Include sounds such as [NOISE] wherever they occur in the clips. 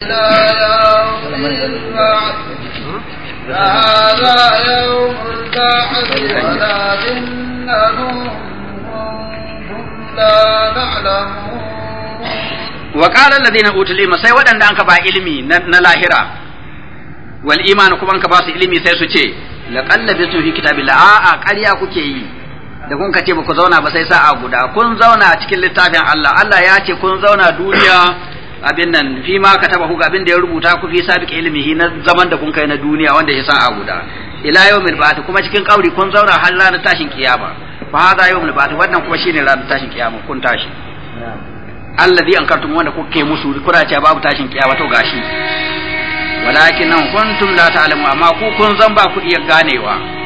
هذا يوم البعث ولكنهم كنتم sai waɗanda an ka ba ilimi na lahira wal iman kuma an ka ba su ilimi sai su ce laqad labistu fi kitabillah a a ƙarya kuke yi da kun ka ce ba ku zauna ba sai sa'a guda kun zauna cikin littafin Allah Allah ya ce kun zauna duniya abin nan fi ma ka taba huga abin da ya rubuta ku fi sabiq ilmihi na zaman da kun kai na duniya wanda ya a guda ila yawmil ba'th kuma cikin kauri kun zaura har ranar tashin kiyama fa hada yawmil ba'th wannan kuma shine ranar tashin kiyama kun tashi alladhi ankartum wanda kuke musu kuna cewa babu tashin kiyama to gashi walakin kuntum la ta'lamu amma ku kun zan ba ku iya ganewa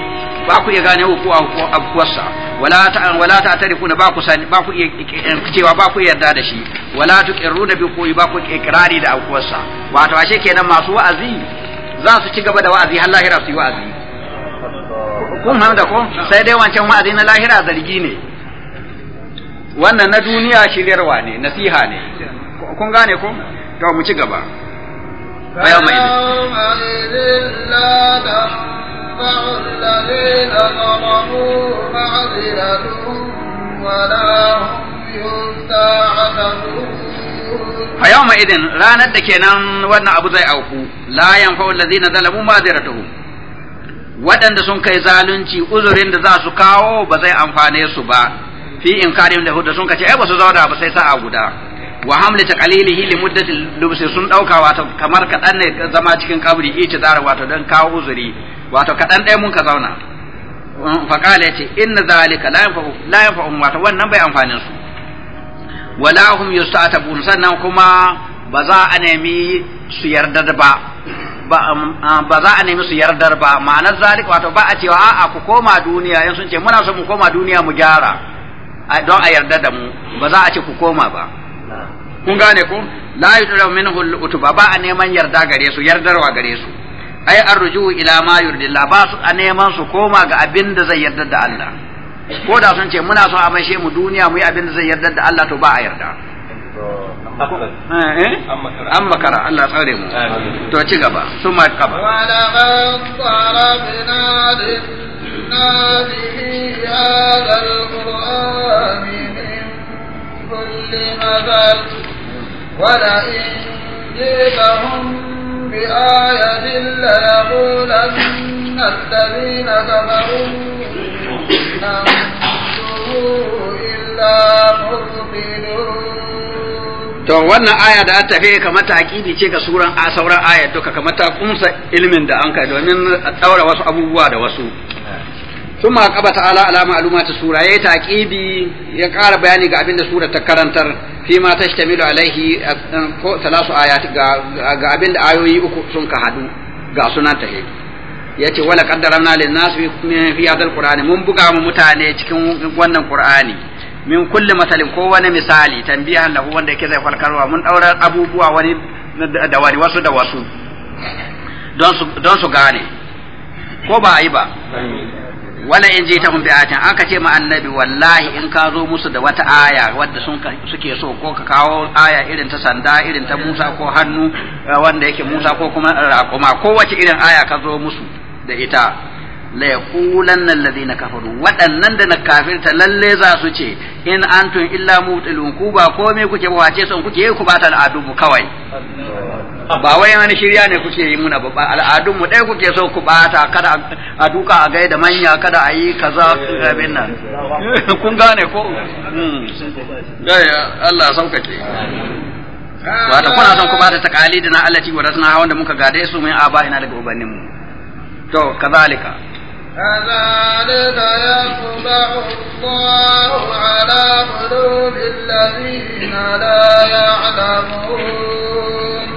ba ku iya gane ku abuwarsa wala ta wala ta tarifuna ba ku sani ba ku iya cewa ba ku yarda da shi wala da bi koyi ba ku ikrari da abuwarsa. wato ashe kenan masu wa'azi za su ci gaba da wa'azi har lahira su yi wa'azi kun da ko sai dai wancan wa'azi na lahira zargi ne wannan na duniya shiryarwa ne nasiha ne kun gane ko to mu ci gaba تتبع الذين ظلموا a yau ranar da kenan wannan abu zai auku la yanfa allazina zalamu maziratuhu waɗanda sun kai zalunci uzurin da za su kawo ba zai amfane su ba fi karim da hudu sun kace ai ba su zauna ba sai sa'a guda wa hamli qalilihi li muddati lubsi sun dauka wato kamar kadan ne zama cikin kabri ita dara wato dan kawo uzuri wato kaɗan ɗaya mun ka zauna mm, faƙala ya ce inna zalika la yanfa'uhum wato wannan bai amfanin su wala hum yusta'tabun sannan kuma ba za a nemi su yardar ba ba um, uh, za a nemi su yardar ba ma'anar zalika wato ba a cewa a'a ku koma duniya in sun ce muna so mu koma duniya mu gyara don a yarda da mu ba za a ce ku koma ba kun gane ku la yudra minhu al-utuba ba a neman yarda gare su yardarwa gare su ai arruju ila ma yurdillah ba su neman su koma ga abin da zai yarda da Allah ko da sun ce muna so a mashe mu duniya mu yi abin da zai yarda da Allah to ba a yarda eh, eh? an makara Allah tsare mu to ci gaba su ma kaba ولئن جئتهم بآية ليقولن الذين كفروا To wannan aya da ta tafi kamar ta aƙidi ce ga suran a sauran aya duka kamar ta kunsa ilmin da an kai domin a ɗaura wasu abubuwa da wasu. ثم قبل تعالى على معلومات السورة تأكيدي يقال بياني قابل السورة تكرنتر فيما تشتمل عليه ثلاث آيات قابل آيوي سنك هدو قاسنا تهي yace wala qaddaramna lin nas fi hadha alqur'ani mun buga mu mutane cikin wannan qur'ani min kulli masalin ko wani misali tambihan lahu wanda yake zai falkarwa mun daura abubuwa wani da wani wasu da wasu don su gane ko ba ayi ba wala in ji ta hun bi'atin an ka ce ma annabi wallahi in ka zo musu da wata aya wadda sun suke so ko ka kawo aya irin ta sanda irin ta Musa ko hannu eh, wanda yake Musa ko kuma raƙuma ko wace irin aya ka zo musu da ita la yaqulanna alladhina kafaru waɗannan da na kafirta lalle za su ce in antum illa mutilun ku ba komai kuke ba wace son kuke ku bata al'adu mu kawai ba wai wani shirya ne kuke yi muna ba al'adun mu dai kuke so ku bata kada a duka a gaida manya kada a yi kaza abin nan [LAUGHS] kun gane ko hmm. Allah saukake wato kuna son ku bata wa rasna warasna da muka gade su min aba ina daga ubanninmu to kazalika كذلك يطبع الله على قلوب الذين لا يعلمون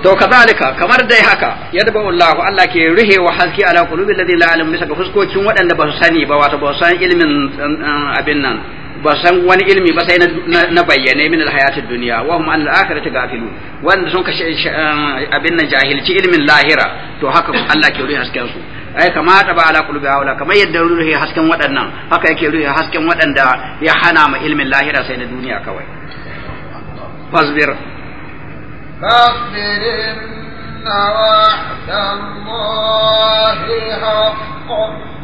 to kazalika kamar dai haka yadba Allahu Allah ke rihe wa haske ala qulubi alladhi la ya'lamu bisa ga fuskokin waɗanda ba su sani ba wato ba su san ilmin eh, abin nan ba san wani ilmi ba sai na bayyane min alhayatid duniya wa hum an alakhirati gafilun wanda sun kashe eh, abin jahilci ilmin lahira to haka Allah ke hasken su ai kama ta ba ala qulubi haula kamar yadda ruhi hasken waɗannan haka yake ruhi hasken waɗanda ya hana ma ilmin lahira sai na duniya kawai fasbir fasbir inna wa'dallahi haqqun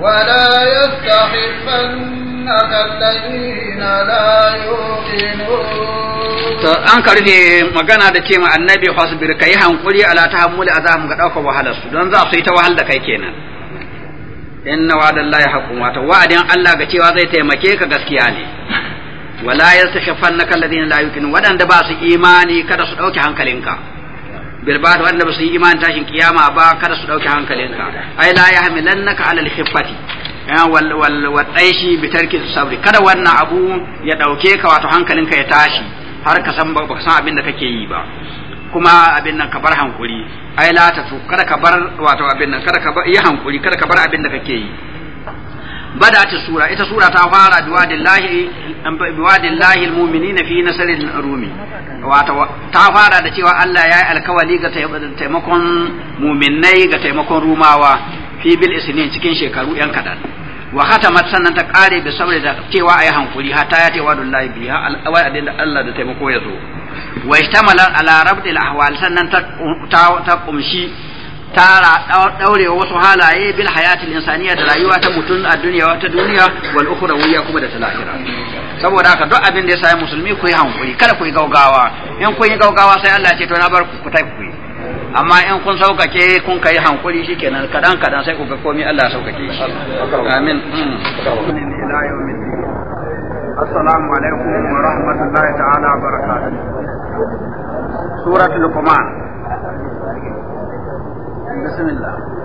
ولا يستخفنك الذين لا يوقنون an karfe magana da ce ma annabi fasbir kai hankuri ala tahammul azab ga daukar wahalar su don za su yi ta wahal da kai kenan inna wa'dallahi haqqun wato wa'adin Allah ga cewa zai taimake ka gaskiya ne wala yastakhifannaka alladhina la yuqinun wadanda ba su imani kada su dauke hankalinka bilbatu wanda ba su yi iman tashin kiyama ba kada su dauki hankalinka ai la ya ala al-khiffati wal wal wal aishi bi tarki sabri kada wannan abu ya ɗauke ka wato hankalinka ya tashi har ka san ba ka san abin da kake yi ba kuma abin nan ka bar hankuri ai la ta kada ka bar wato abin nan kada ka bar yi hankuri kada ka bar abin da kake yi بدأت السورة إذا سورة تفارى بواد الله بواد الله المؤمنين في نصر الرومي وتفارى da cewa Allah ya yi alkawali ga taimakon muminai ga taimakon rumawa fi bil isnin cikin shekaru yan kaɗan. wa khatamat sannan ta kare bi sabri da cewa ayi hankuri hatta ya tewa dullahi da Allah da taimako ya zo ala rabdil ahwal sannan ta ta tara daurewa wasu halaye bil hayati insaniya da rayuwa ta mutum a duniya ta duniya wal ukhra wiya kuma da ta lahira saboda haka duk abin da ya sami musulmi ku yi hankuri kada ku yi gaugawa in kun yi gaugawa sai Allah ce to na bar ku ta ku yi amma in kun saukake kun kai hankuri shikenan kadan kadan sai ku ga komai Allah ya saukake shi amin assalamu alaikum wa rahmatullahi ta'ala wa barakatuh suratul luqman bismillah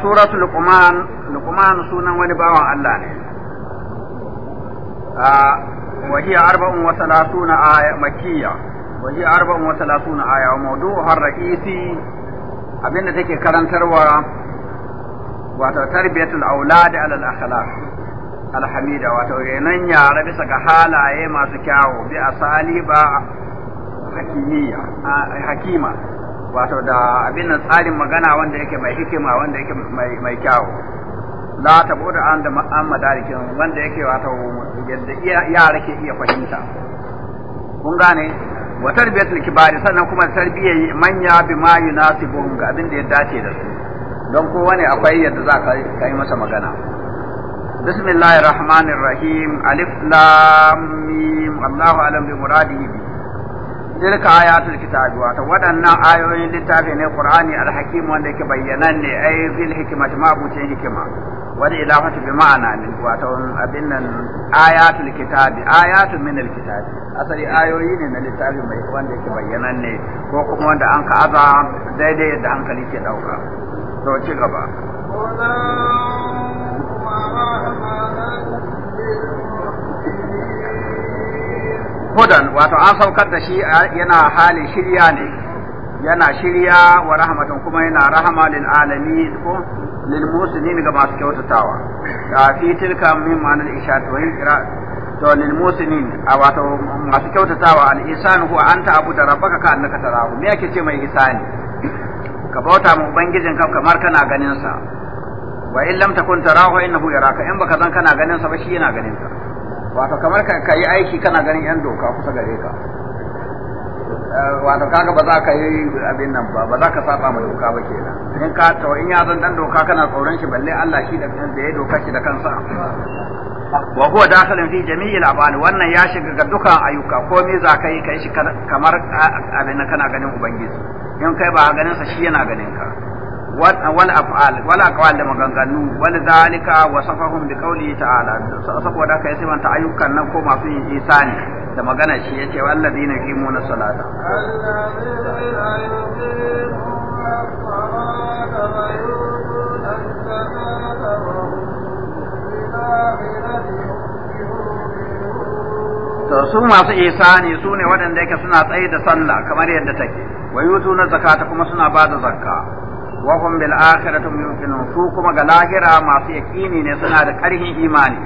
suratul luqman luqman sunan wani bawan Allah ne a waje arba'un wa talatuna aya makkiya waje arba'un wa talatuna aya wa mawdu'u abinda take karantarwa wato tarbiyatul aulad ala al-akhlaq alhamida wato renan yara bisa ga halaye masu kyawu bi asali ba hakima wato da abin nan tsarin magana wanda yake mai hikima wanda yake mai kyawu la ta bude an da an madarikin wanda yake wato yadda yara ke iya fahimta kun gane wa tarbiyatul kibari sannan kuma tarbiyyar manya bi ma yunasibuhum ga abin da ya dace da su don kowa ne akwai yadda za ka yi masa magana bismillahir rahmanir rahim alif lam mim allahu alam bi muradihi tilka ayatul kitabi wato waɗannan ayoyin littafi ne qur'ani alhakim wanda yake bayyanan ne ai fil hikmat ma buce hikima wani ilahatu bi ma'ana min wato abin nan ayatul kitabi ayatu min alkitabi asali ayoyi ne na littafi mai wanda yake bayyanan ne ko kuma wanda an ka aza daidai da hankali ke dauka to ci gaba hudan wato an saukar da shi yana halin shirya ne yana shirya wa rahmatun kuma yana rahama lil alamin ko lil muslimin ga masu kyautatawa fi tilka min ma'anar ishat wa to lil muslimin a wato masu kyautatawa al ihsan huwa anta abu da rabbaka ka annaka tarahu me yake ce mai ihsani ka bauta mu ubangijin ka kamar kana ganin sa wa in lam takun tarahu innahu yaraka in baka zan kana ganin sa ba shi yana ganin ka wato kamar ka yi aiki kana ganin yan doka kusa gare ka eh, wato kaga ba za ka yi abin nan ba ba za ka saba ma doka ba ke nan in ka to in ya zan dan doka kana tsoron shi balle Allah shi da kansa ya doka shi da kansa wa huwa dakhilun fi jami'il afal wannan ya shiga ga dukkan ayyuka ko me za ka yi kai shi kamar abin kana ganin ubangiji in kai ba ganin sa shi yana ganin ka wal af'al wal aqwal da maganganu wal zalika wasafahum bi qawli ta'ala saboda kai sai man ayyukan nan ko masu yin isani da magana shi yace walladina yuqimuna salata to su masu isani su ne waɗanda yake suna tsaye da sallah kamar yadda take wa yutu na zakata kuma suna ba da zakka wa hum bil akhirati yuqinun su kuma ga lahira masu yaqini ne suna da karhin imani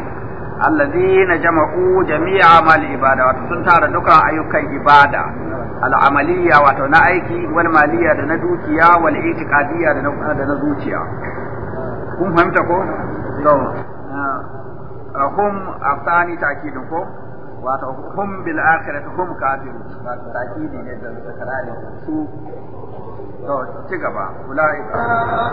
allazina jama'u jami'a mal ibada wato sun tara dukan ayyukan ibada al wato na aiki wal maliyya da na dukiya wal itiqadiyya da na da na zuciya kun fahimta ko to hum afani takidin ko wato hum bil akhirati hum kafirun takidi ne da takrarin su to ci gaba ulaika ala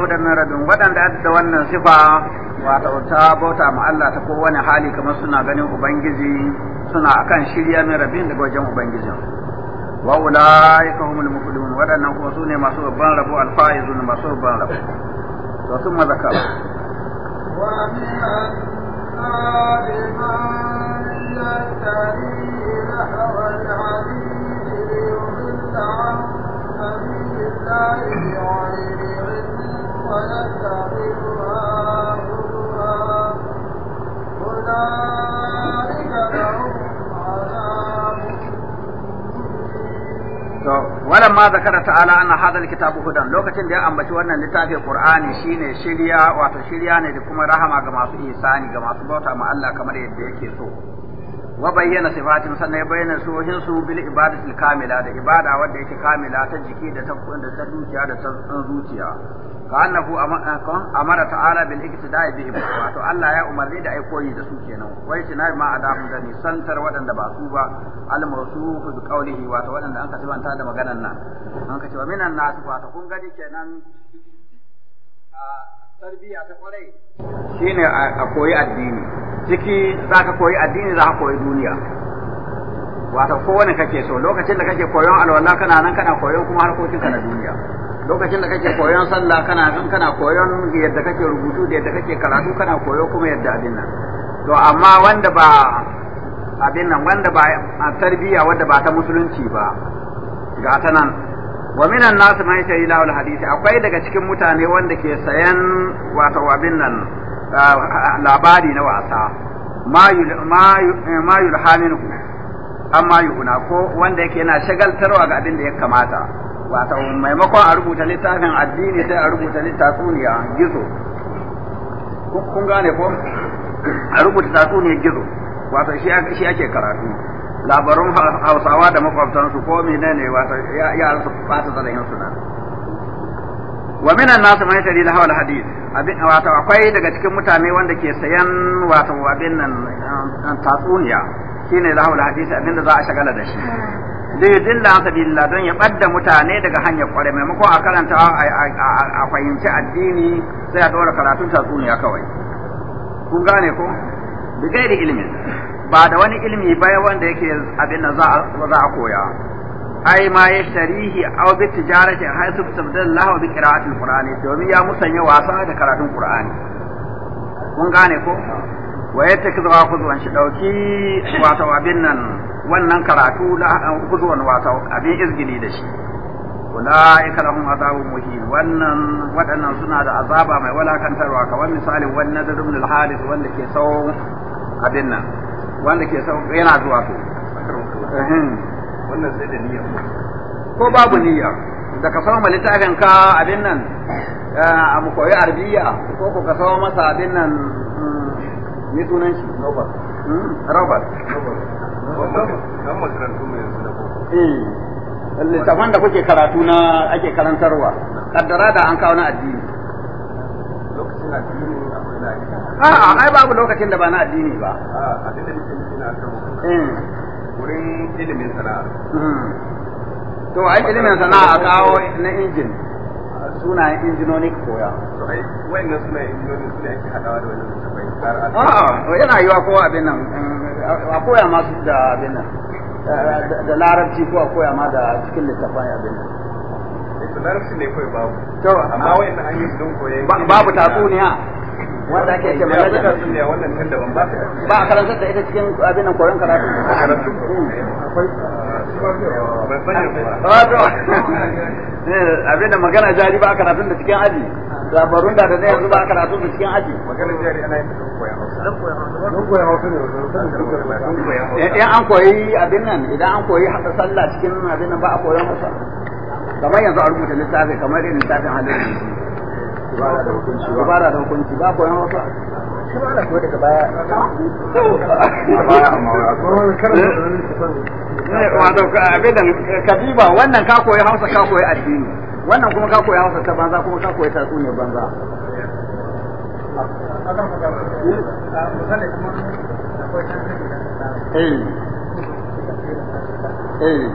hudan min rabbihim wannan sifa wato ta bauta ma Allah ta kowane hali kamar suna ganin ubangiji suna akan shirya min rabbin daga wajen ubangijin wa ulaika humul muflihun wadannan kuma sune masu babban rabo alfaizun masu babban rabo to sun mazaka wa min ويتخذها هدى ولما ta'ala ana ان هذا الكتاب lokacin da ya ambaci wannan littafi qur'ani shine shirya wato shirya ne da kuma rahama ga masu isani ga masu bauta ma Allah kamar yadda yake so wa bayyana sifatin sanna ya bayyana suhin su bil ibadati kamila da ibada wanda yake kamila ta jiki da ta kuɗin ta zuciya da ta zuciya ka'annahu eh, amara ta'ala bil iktida'i bihim wato Allah ya umarni da ai koyi da su kenan wai tina ma adamu da nisantar waɗanda ba su ba al mawsuf bi qawlihi wato waɗanda an ta da maganar nan an kace wa minan nas wato kun gani kenan a tarbiya ta kwarai shine a koyi addini ciki zaka koyi addini zaka koyi duniya wato kowane kake so lokacin da kake koyon alwala kana nan kana koyon kuma harkokin ka na duniya lokacin da kake koyon sallah kana kan kana koyon yadda kake rubutu da yadda kake karatu kana koyo kuma yadda abin nan to amma wanda ba abin nan wanda ba a tarbiyya wanda ba ta musulunci ba ga ta nan wa minan nasu man shari lahul hadisi akwai daga cikin mutane wanda ke sayan wato abin nan labari na wasa ma eh, yulhaminu amma yuna ko wanda yake yana shagaltarwa ga abin da ya kamata wato maimakon a rubuta littafin addini sai a rubuta littafuniya gizo kun gane ko a rubuta tatsuniya gizo wato shi ake karatu labarun hausawa da makwabtansu ko menene wato ya su fata zalayin suna wa minan nasu mai tari da hawal hadis abin wato akwai daga cikin mutane wanda ke sayan wato abin nan um, tatsuniya shine da hawal hadis abin da za a shagala da shi liyudilla an sabilillah don ya ɓadda mutane daga hanyar kwarai maimakon a karanta a fahimci addini sai a ɗora karatun tatsuniya kawai kun gane ko gai gairi ilimin ba da wani ilimi ba wanda yake abin nan za a koya ai ma ya sharihi aw bi tijarati haythu wa bi qira'ati alqur'ani domin ya musanya wasa da karatun qur'ani kun gane ko wa yattakizu wa khudwan shi dauki wato abin nan wannan karatu la huzuwan wata abin izgili da shi ulaika lahum azabun muhin wannan waɗannan suna da azaba mai walakantarwa kamar misalin wani wannan ibn al wanda ke sau abin nan wanda ke sau yana zuwa to wannan sai da niyya ko babu niyya da ka sama littafin ka abin nan a eh, mukoyi koyi arabiya ko ku ka sama masa abin nan ne hmm, sunan shi robert hmm? robert Eh, littafan da kuke karatu na ake karantarwa kaddara da an kawo na addini a'a ai babu lokacin da ba na addini ba a eh. wurin ilimin sana'a hmm. to ai ilimin sana'a kawo na injin sunayen injinoni koya to ai wayannan sunayen injinoni suna yake hadawa da wannan littafai a'a yana yiwa kowa abin nan a koya masu da abin da larabci ko a koya ma da cikin littafin abin nan larabci ne kawai babu to amma wayannan an yi don koyon babu tatsuniya wanda ake ce mallaka tatsuniya wannan kan daban ba ba a karantar da ita cikin abin nan koran karatu karatu hmm, [LAUGHS] eh, abin da magana jari ba a karatun da cikin aji labarun da da na yanzu ba a karatu da cikin aji magana jari ana yin don koya hausa ne eh, eh, an koyi abin nan idan an koyi hada sallah cikin abin nan ba a koyon hausa kamar yanzu a rubuta littafi kamar irin littafin halin da hukunci kubara da hukunci ba ko daga [LAUGHS] eh, wannan ka koyi hausa ka koyi addini wannan kuma ka koyi hausa ta banza kuma ka koyi banza Eh. Eh.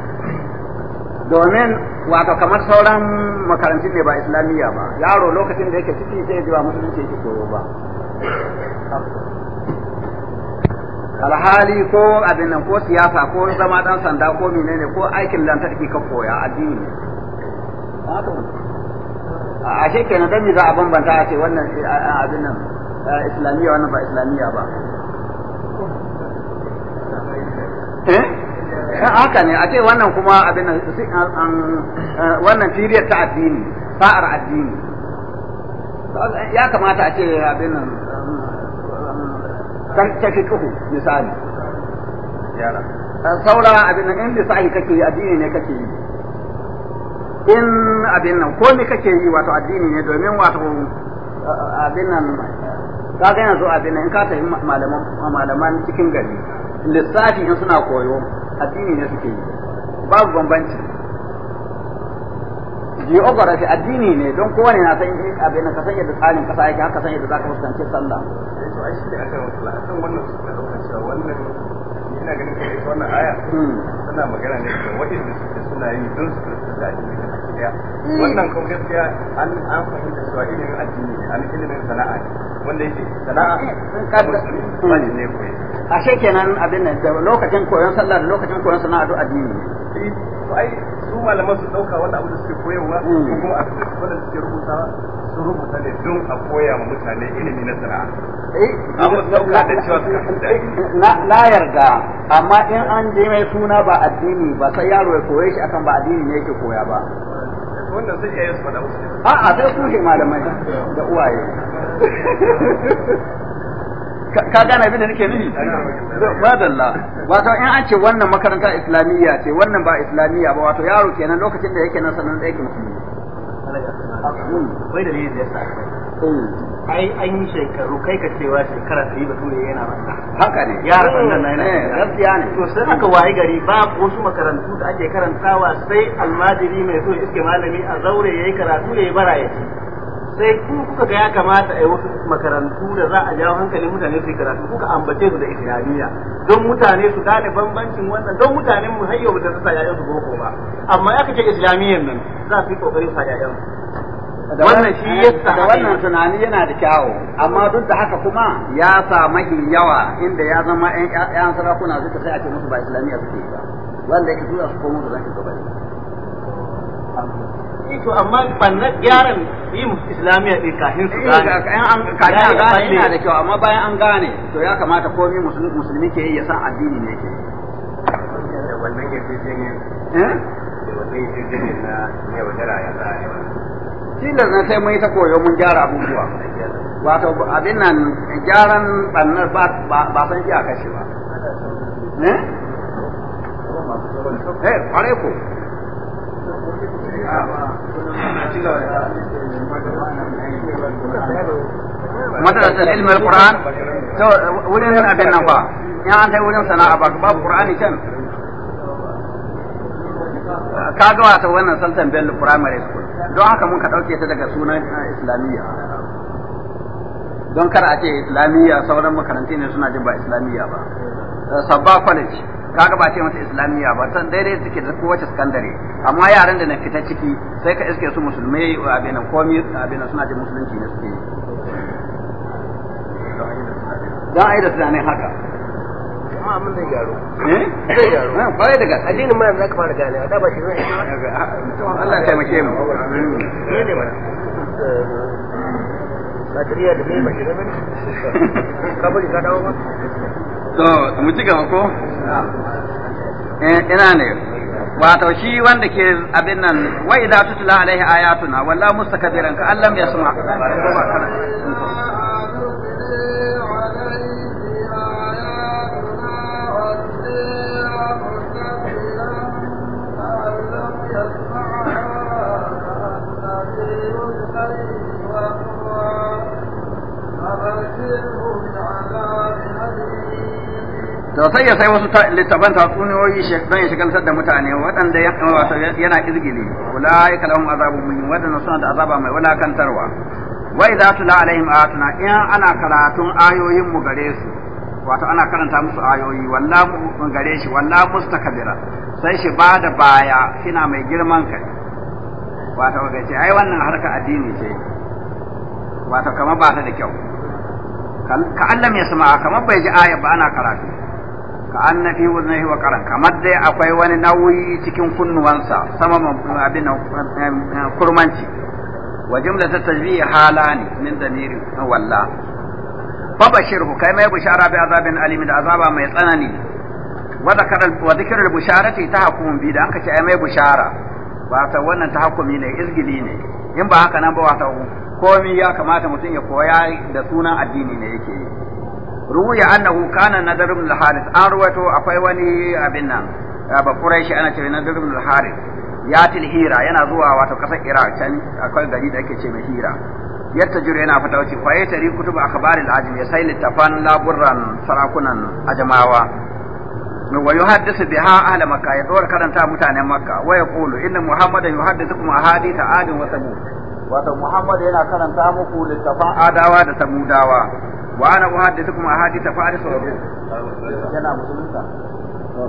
domin wato kamar sauran makarantun ne ba islamiyya ba yaro lokacin da yake ciki sai ya ba musulunci yake koyo ba alhali ko abin nan ko siyasa ko zama dan sanda ko menene ko aikin lantarki ka koya addini ne a shi kenan dan za a bambanta a ce wannan abin nan islamiyya wannan ba islamiyya ba eh haka ne a ce wannan kuma abin eh, wannan firiyar ta addini fa'ar addini ya kamata a ce abin nan eh, ta fi kuhu misali eh, saura abin nan in lissahi kake yi addini ne kake yi in abin nan ko ne kake yi wato addini ne domin wato abin nan ka ga yanzu abin nan in ka tafi malaman cikin gari lissafi in suna koyo addini ne suke yi babu bambanci geography addini ne don kowane na san yi abin ka san yadda tsarin kasa yake haka san yadda zaka fuskanci sallah eh, to ai shi ne aka matsala akan wannan suka dauka cewa wannan ina ganin kai ita wannan aya hmm. tana magana ne da waɗanda suke suna yi don su fuskanci da addini gaskiya hmm. wannan kuma gaskiya an an fahimta cewa ilimin addini ne an ilimin sana'a ne wanda yake sana'a eh, musulmi hmm. ba ne koyi ashe kenan abin nan lokacin koyon sallah da lokacin koyon sana'a duk addini eh, to ai su malaman su dauka wannan abu da suke koyarwa ko hmm. kuma a wannan suke rubutawa su rubuta ne don a koya ma mutane ilimi na sana'a amma eh, dauka da cewa eh, na na yarda amma in an je mai suna ba addini ba sai yaro ya koye shi akan ba addini ne yake koya ba wannan sai iyayen su faɗa musu a'a sai su malamai da uwaye [LAUGHS] ka gane abin da nake nufi madalla wato in an ce wannan makaranta islamiyya ce wannan ba islamiyya ba wato yaro kenan lokacin da yake nan sanan hmm. da yake musulmi bai da ne da yasa hmm. ai an yi shekaru kai ka cewa shekara ta yi bature yana masa haka ne ya rasu nan ne eh, gaskiya ne to sai aka wayi gari ba wasu makarantu da ake karantawa sai almajiri mai so iske malami a zaure yayi karatu ya bara ya ci sai ku kuka ga ya kamata a yi wasu makarantu da za a jawo hankalin mutane su karatu kuka ambace su da islamiyya don mutane su gane bambancin wannan don mutane mu hayyo da su sa yayan su boko ba amma ya kace islamiyyan nan za su yi kokarin sa yayan wannan shi yasa da wannan tunani yana da kyawu amma duk da haka kuma ya sa mahi yawa inda ya zama ƴan sarakuna suka sai a ce musu ba islamiyya suke ba wanda yake zuwa su komo da zan gaba ne to amma bannan yaran mu islamiyya din kafin su gane eh, kafin a gane yana da kyau amma bayan an gane to ya kamata komai musulmi ke yi ya san addini ne ke wannan eh? yarjejeniyar jirgin na sai mun yi ta koyo mun gyara abubuwa wato abin nan gyaran bannar ba san iyaka ba eh, eh ko madrasar ilmar ƙura'an ta wurin yin abin nan ba in an kai wurin sana'a ba babu Qur'ani can ka gawa ta wannan Sultan Bello Primary School don haka mun ka dauke ta daga sunan Islamiyya don kar a ce Islamiyya sauran makarantu ne suna jin ba Islamiyya ba Sabba College kaga ba ce masa islamiyya ba san daidai suke da kowace sakandare amma yaran da na fita ciki sai ka iske su musulmai a benin komi a benin suna jin musulunci ne suke don ai yi da tunanin haka amma mun eh? ah, da yaro eh da yaro na fara daga addinin mai yanzu aka fara gane a ba shi zai Allah ya taimake mu ne ne mana Satiriya da mai mashi rabin kabari ka dawo ba to mu ci gaba ko eh, ina ne wato shi wanda ke abin nan wa idza tutla alaihi ayatuna walla mustakabiran ka allam yasma Sosai sai ya sai wasu littafan tatsuniyoyi don ya shigar da mutane waɗanda yana izgili ulai kalahum azabu muhim waɗanda suna da azaba mai wulakantarwa wa idza tula alaihim ayatuna in ana karatun ayoyin mu gare su wato ana karanta musu ayoyi wallahu gare shi wallahu mustakbira sai shi ba da baya kina mai girman kai wato ga ce ai wannan harka addini ce wato kamar ba ta da kyau ka allam ya sama kamar bai ji aya ba ana karatu ka na fi wuznihi wa karan kamar dai akwai wani nauyi cikin kunnuwansa sama abin kurmanci wa jumla ta tajbihi halani min damiri walla fa bashirhu kai mai bushara bi azabin alim da azaba mai tsanani wa dhakara wa zikr al-busharati hukum bi da an kace mai bushara ta wannan ta hukumi ne izgili ne in ba haka nan ba wa Ko komi ya kamata mutum ya koya da sunan addini ne yake yi ruya annahu kana nadar ibn al-haris an ruwato akwai wani abin nan ba quraishi ana cewa nadar ibn al-haris ya til hira yana zuwa wato kasar iraq can akwai gari da ake ce mai hira yatta jure yana fata wace fa yata rikutu ba akhbaril ajm ya sai littafan laburran sarakunan ajamawa wa yuhaddisu biha ahla makkah ya dora karanta mutanen makka wa yaqulu inna muhammadan yuhaddithukum ahadith adin wa samud wato muhammad yana karanta muku littafan adawa da samudawa wa ana uhaddithukum ahadith faris wa yana musulunta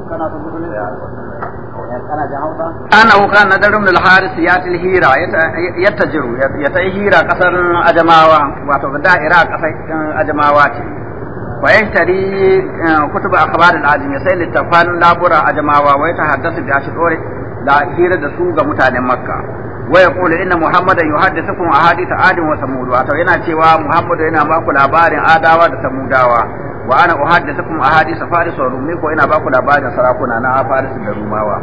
kana son musulunta kana da hausa ana ukan nadar ibn al-haris yatil ya sai hira kasar ajamawa wato da'ira kasar ajamawa ce wa yashtari kutuba akhbar al-ajami sai littafan labura ajamawa wa yatahaddathu bi ashqori da hira da su ga mutanen makka wa yaqulu inna muhammadan yuhaddithukum ahadith yana cewa muhammadu yana ba adawa da samudawa wa ana uhaddithukum ahadith faris wa rumi ko ina ba ku labarin sarakuna na faris da rumawa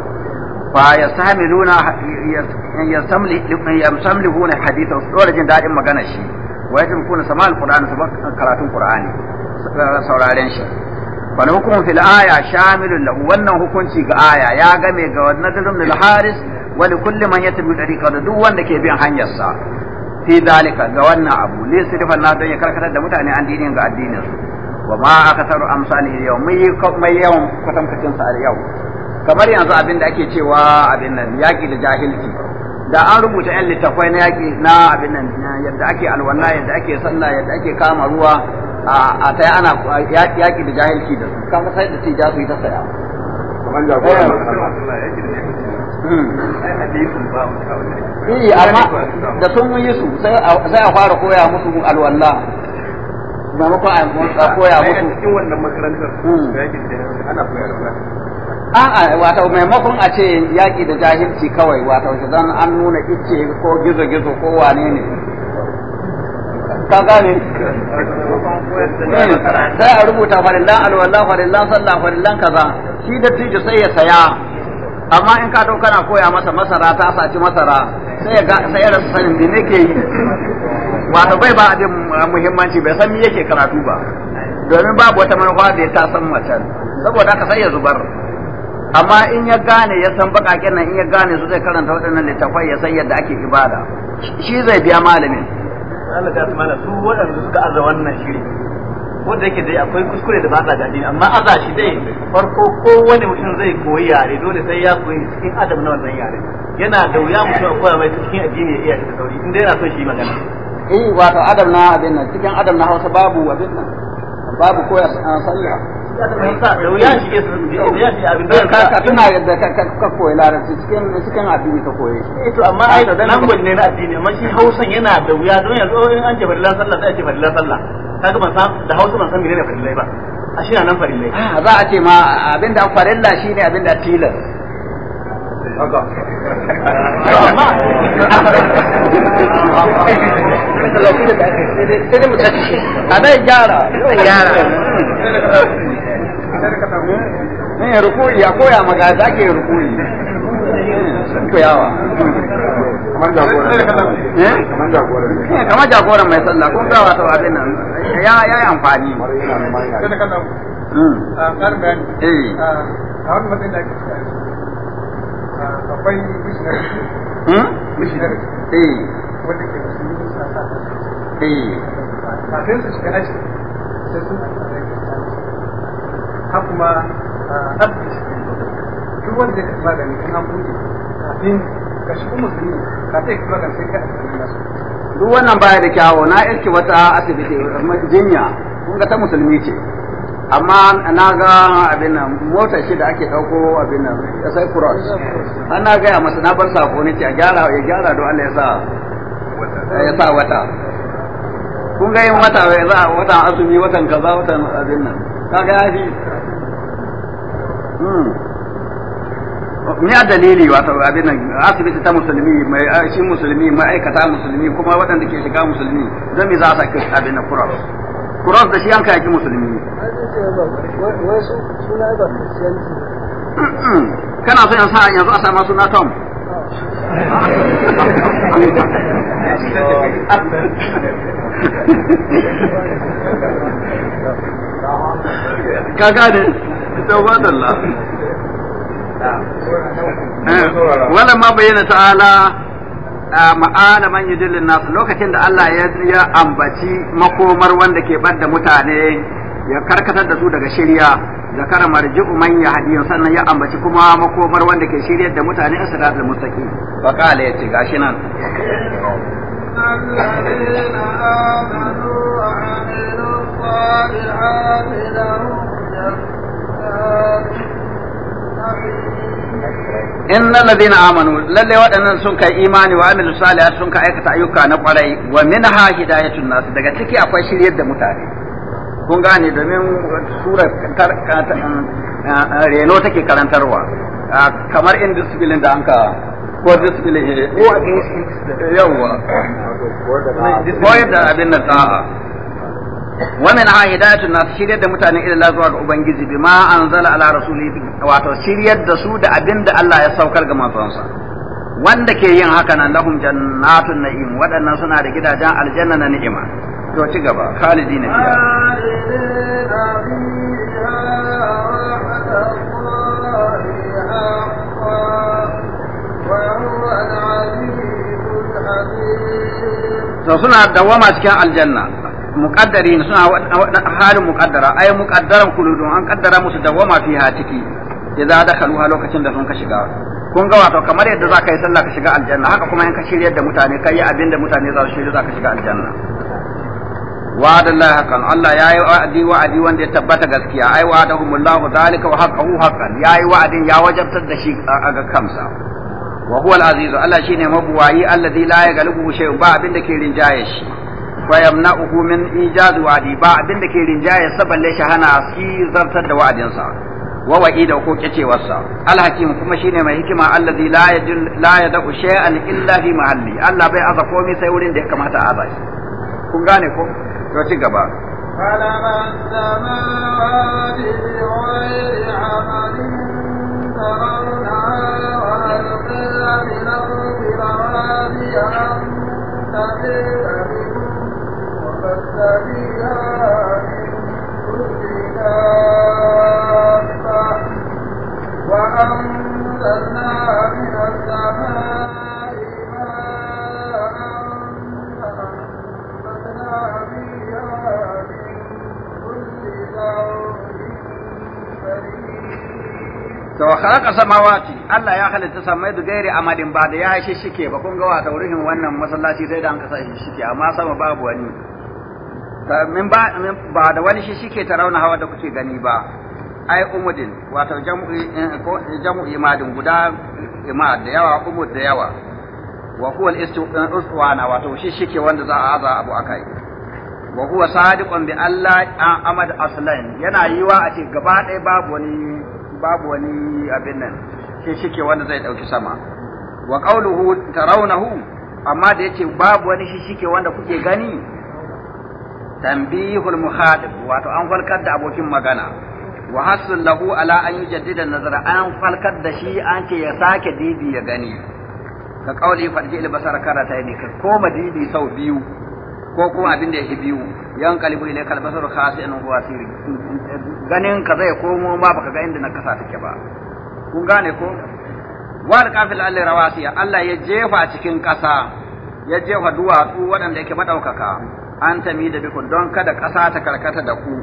fa yastamiluna yasamli yamsamlihuna hadithan dole jin dadin magana shi wa yajmkuna sama alqur'ani su karatun qur'ani sauraren shi hukunci ga aya ya game ga wannan dalilin wani kulli man bi ɗari da duk wanda ke bin hanyar sa fi dalika ga wannan abu ne sirfa na don ya karkatar da mutane an dinin ga addinin su wa ma akatharu amsalihi yau mai mai yawan kwatankacin sa yau kamar yanzu abin da ake cewa abin nan yaki da jahilci da an rubuta yan littafai na yaki na abin nan yadda ake alwala yadda ake sanna yadda ake kama ruwa a ta ana yaki da jahilci da su kaga sai da ce ja yi ta saya Iyi hmm. eh, amma da sun yi su sai a fara koya musu ma kuma a koya musu. Cikin wannan makarantar hmm. da yake ana koya da A'a wato maimakon a ce yaƙi da jahilci kawai wato shi zan an nuna icce ko gizo-gizo ko wane ne. Ka gane? Eh, sai a rubuta farillan alwallah farillan sallah farillan kaza. Shi da tijo sai ya saya amma in ka kana koya masa masara ta saci masara sai ya sai ya sanin me nake yi wato bai ba abin muhimmanci bai san me yake karatu ba domin babu wata manufa da ta san macen saboda haka sai ya zubar amma in ya gane ya san bakaken nan in ya gane su zai karanta waɗannan littafai ya san yadda ake ibada shi zai biya malamin Allah ta su waɗanda suka aza wannan shiri wanda yake dai akwai kuskure da ba sa gadi amma aza shi dai farko kowane mutum zai koyi yare dole sai ya koyi cikin adam na wannan yare yana da wuya mutum a koya mai cikin addini ya iya shi da sauri inda yana so shi magana eh wato adam na abin nan cikin adam na Hausa babu abin nan babu koyar ah, sallah da wuya shi ke da wuya shi abin da ka koyi cikin addini ka eh, to amma ai ne na addini amma shi Hausan yana da wuya don yanzu in an ce sallah sai a ce farilla sallah kaga ban san da Hausa ban san menene farilla ba a shi nan farilla ah, za a ce ma farilla shine tilas a ne eh, rukuri ya koya maka rukuri sun eh, koyawa kamar eh, jagoran mai sallah ga wata nan ya yi amfani akwai hmm? wanda ke a su shiga aji sai sun har kuma asibiti duk wanda zai karɓi magani in an buɗe kafin ka shi kuma musulmi ka ta yi magani sai ka asibiti nasu duk wannan baya da kyawo na irki wata asibiti jinya kun ga ta musulmi ce amma na ga abin nan motar shi da ake dauko abin nan sai cross an na gaya masa na bar sako ne ce a gyara ya gyara don Allah ya sa ya sa wata kun ga yin wata wai za wata azumi watan kaza watan abin nan kaga ya fi ni hmm. a dalili wato abin nan asibiti ta musulmi mai shi musulmi ma'aikata musulmi kuma waɗanda ke shiga musulmi don me za a saki abin na kuros kuros da shi an kayaki musulmi hmm. kana so yanzu yanzu a sama suna tom [LAUGHS] [LAUGHS] kaka ne wala ma bayyana ta'ala ma'ana man yudillin nasu lokacin da Allah ya ambaci makomar wanda ke bar mutane ya karkatar da su daga shirya zakara marji'u ya hadiya sannan ya ambaci kuma makomar wanda ke shiryar da mutane asiratul mustaqim fa qala ce gashi nan الذين آمنوا وعملوا الصالحات لهم جنات إن الذين آمنوا للي وأن سنك إيماني وعملوا الصالحات سنك أيكة أيوكا نقري ومنها هداية الناس دقا تكي أقوى شيء يد متاني kun gane domin surar reno take karantarwa kamar indisbilin da an ka ko disilihi ko yawa koyar da abin wannan ha hidayatu na shirya da mutane ila zuwa ga ubangiji bi ma anzala ala rasulihi wato shiryar da su da abinda Allah ya saukar ga mazansa wanda ke yin haka nan lahum jannatun na'im waɗannan suna da gidajen aljanna na ni'ima to ci gaba khalidina fiha to suna dawama cikin aljanna muqaddari suna halin muqaddara ay muqaddaran kuludun an kaddara musu dawama fiha ciki idza ha lokacin da sun ka shiga kun ga wato kamar yadda za ka yi sallah ka shiga aljanna haka kuma in ka shiryar da mutane ka yi abin da mutane za su shirya za ka shiga aljanna wa'ada Allah haqqan Allah ya yi wa'adi wa'adi wanda ya tabbata gaskiya ai wa'adahumullahu zalika wa haqqahu haqqan ya yi wa'adin ya wajabtar da shi ga kansa wa huwa al-aziz Allah shine mabuwayi alladhi la yaghlibu shay'un ba abin da ke rinjaye shi wa yamna'uhu min ijad wa'di ba abin da ke rinjaye sa balle shi hana shi zartar da wa'adinsa wa wa'ida ko kicewarsa al-hakim kuma shine mai hikima alladhi la yadil la yad'u shay'an illa fi mahalli Allah bai aza komai sai wurin da ya kamata a aza shi kun gane ko to ci gaba فلما السماوات بغير عمل ترونها إلا لنقول الأعرابي أن تقل بكم وقد تبيها من كل دابة وأنزلنا من السماء ماء فأنبتنا بها من كل زوج to khalaqa samawati Allah ya halitta samai da gairi amadin ba da ya shi shike ba kun ga wa taurihin wannan masallaci sai da an kasa shi shike amma sama babu wani min ba ba da wani shi shike ta rauna hawa da kuke gani ba ai umudin wato jam'i eh, ko jam'i imadin guda imad da yawa umud da yawa wa huwa al-istiwana eh, wato shi shike wanda za a aza abu akai wa huwa sadiqun bi Allah amad ah, aslan yana yiwa a ce gaba ɗaya babu wani babu wani abin nan shi shike wanda zai dauki sama wa qawluhu tarawnahu amma da yace babu wani shi shike wanda kuke gani tanbihul muhadib wato an falkar da abokin magana wa hasul lahu ala an yujaddida nazara an falkar da shi an ce ya sake didi ya gani ka qawli farji il basara karata ne ka koma didi sau biyu ko kuma abin da ya biyu yan kalibu ilai kalbasar an huwa sirri ganin ka zai komo ma baka ga inda na kasa take ba kun gane ko wal kafil alli rawasiya Allah ya jefa cikin kasa ya jefa duwatsu waɗanda yake madaukaka an tami da bikun don kada kasa ta karkata da ku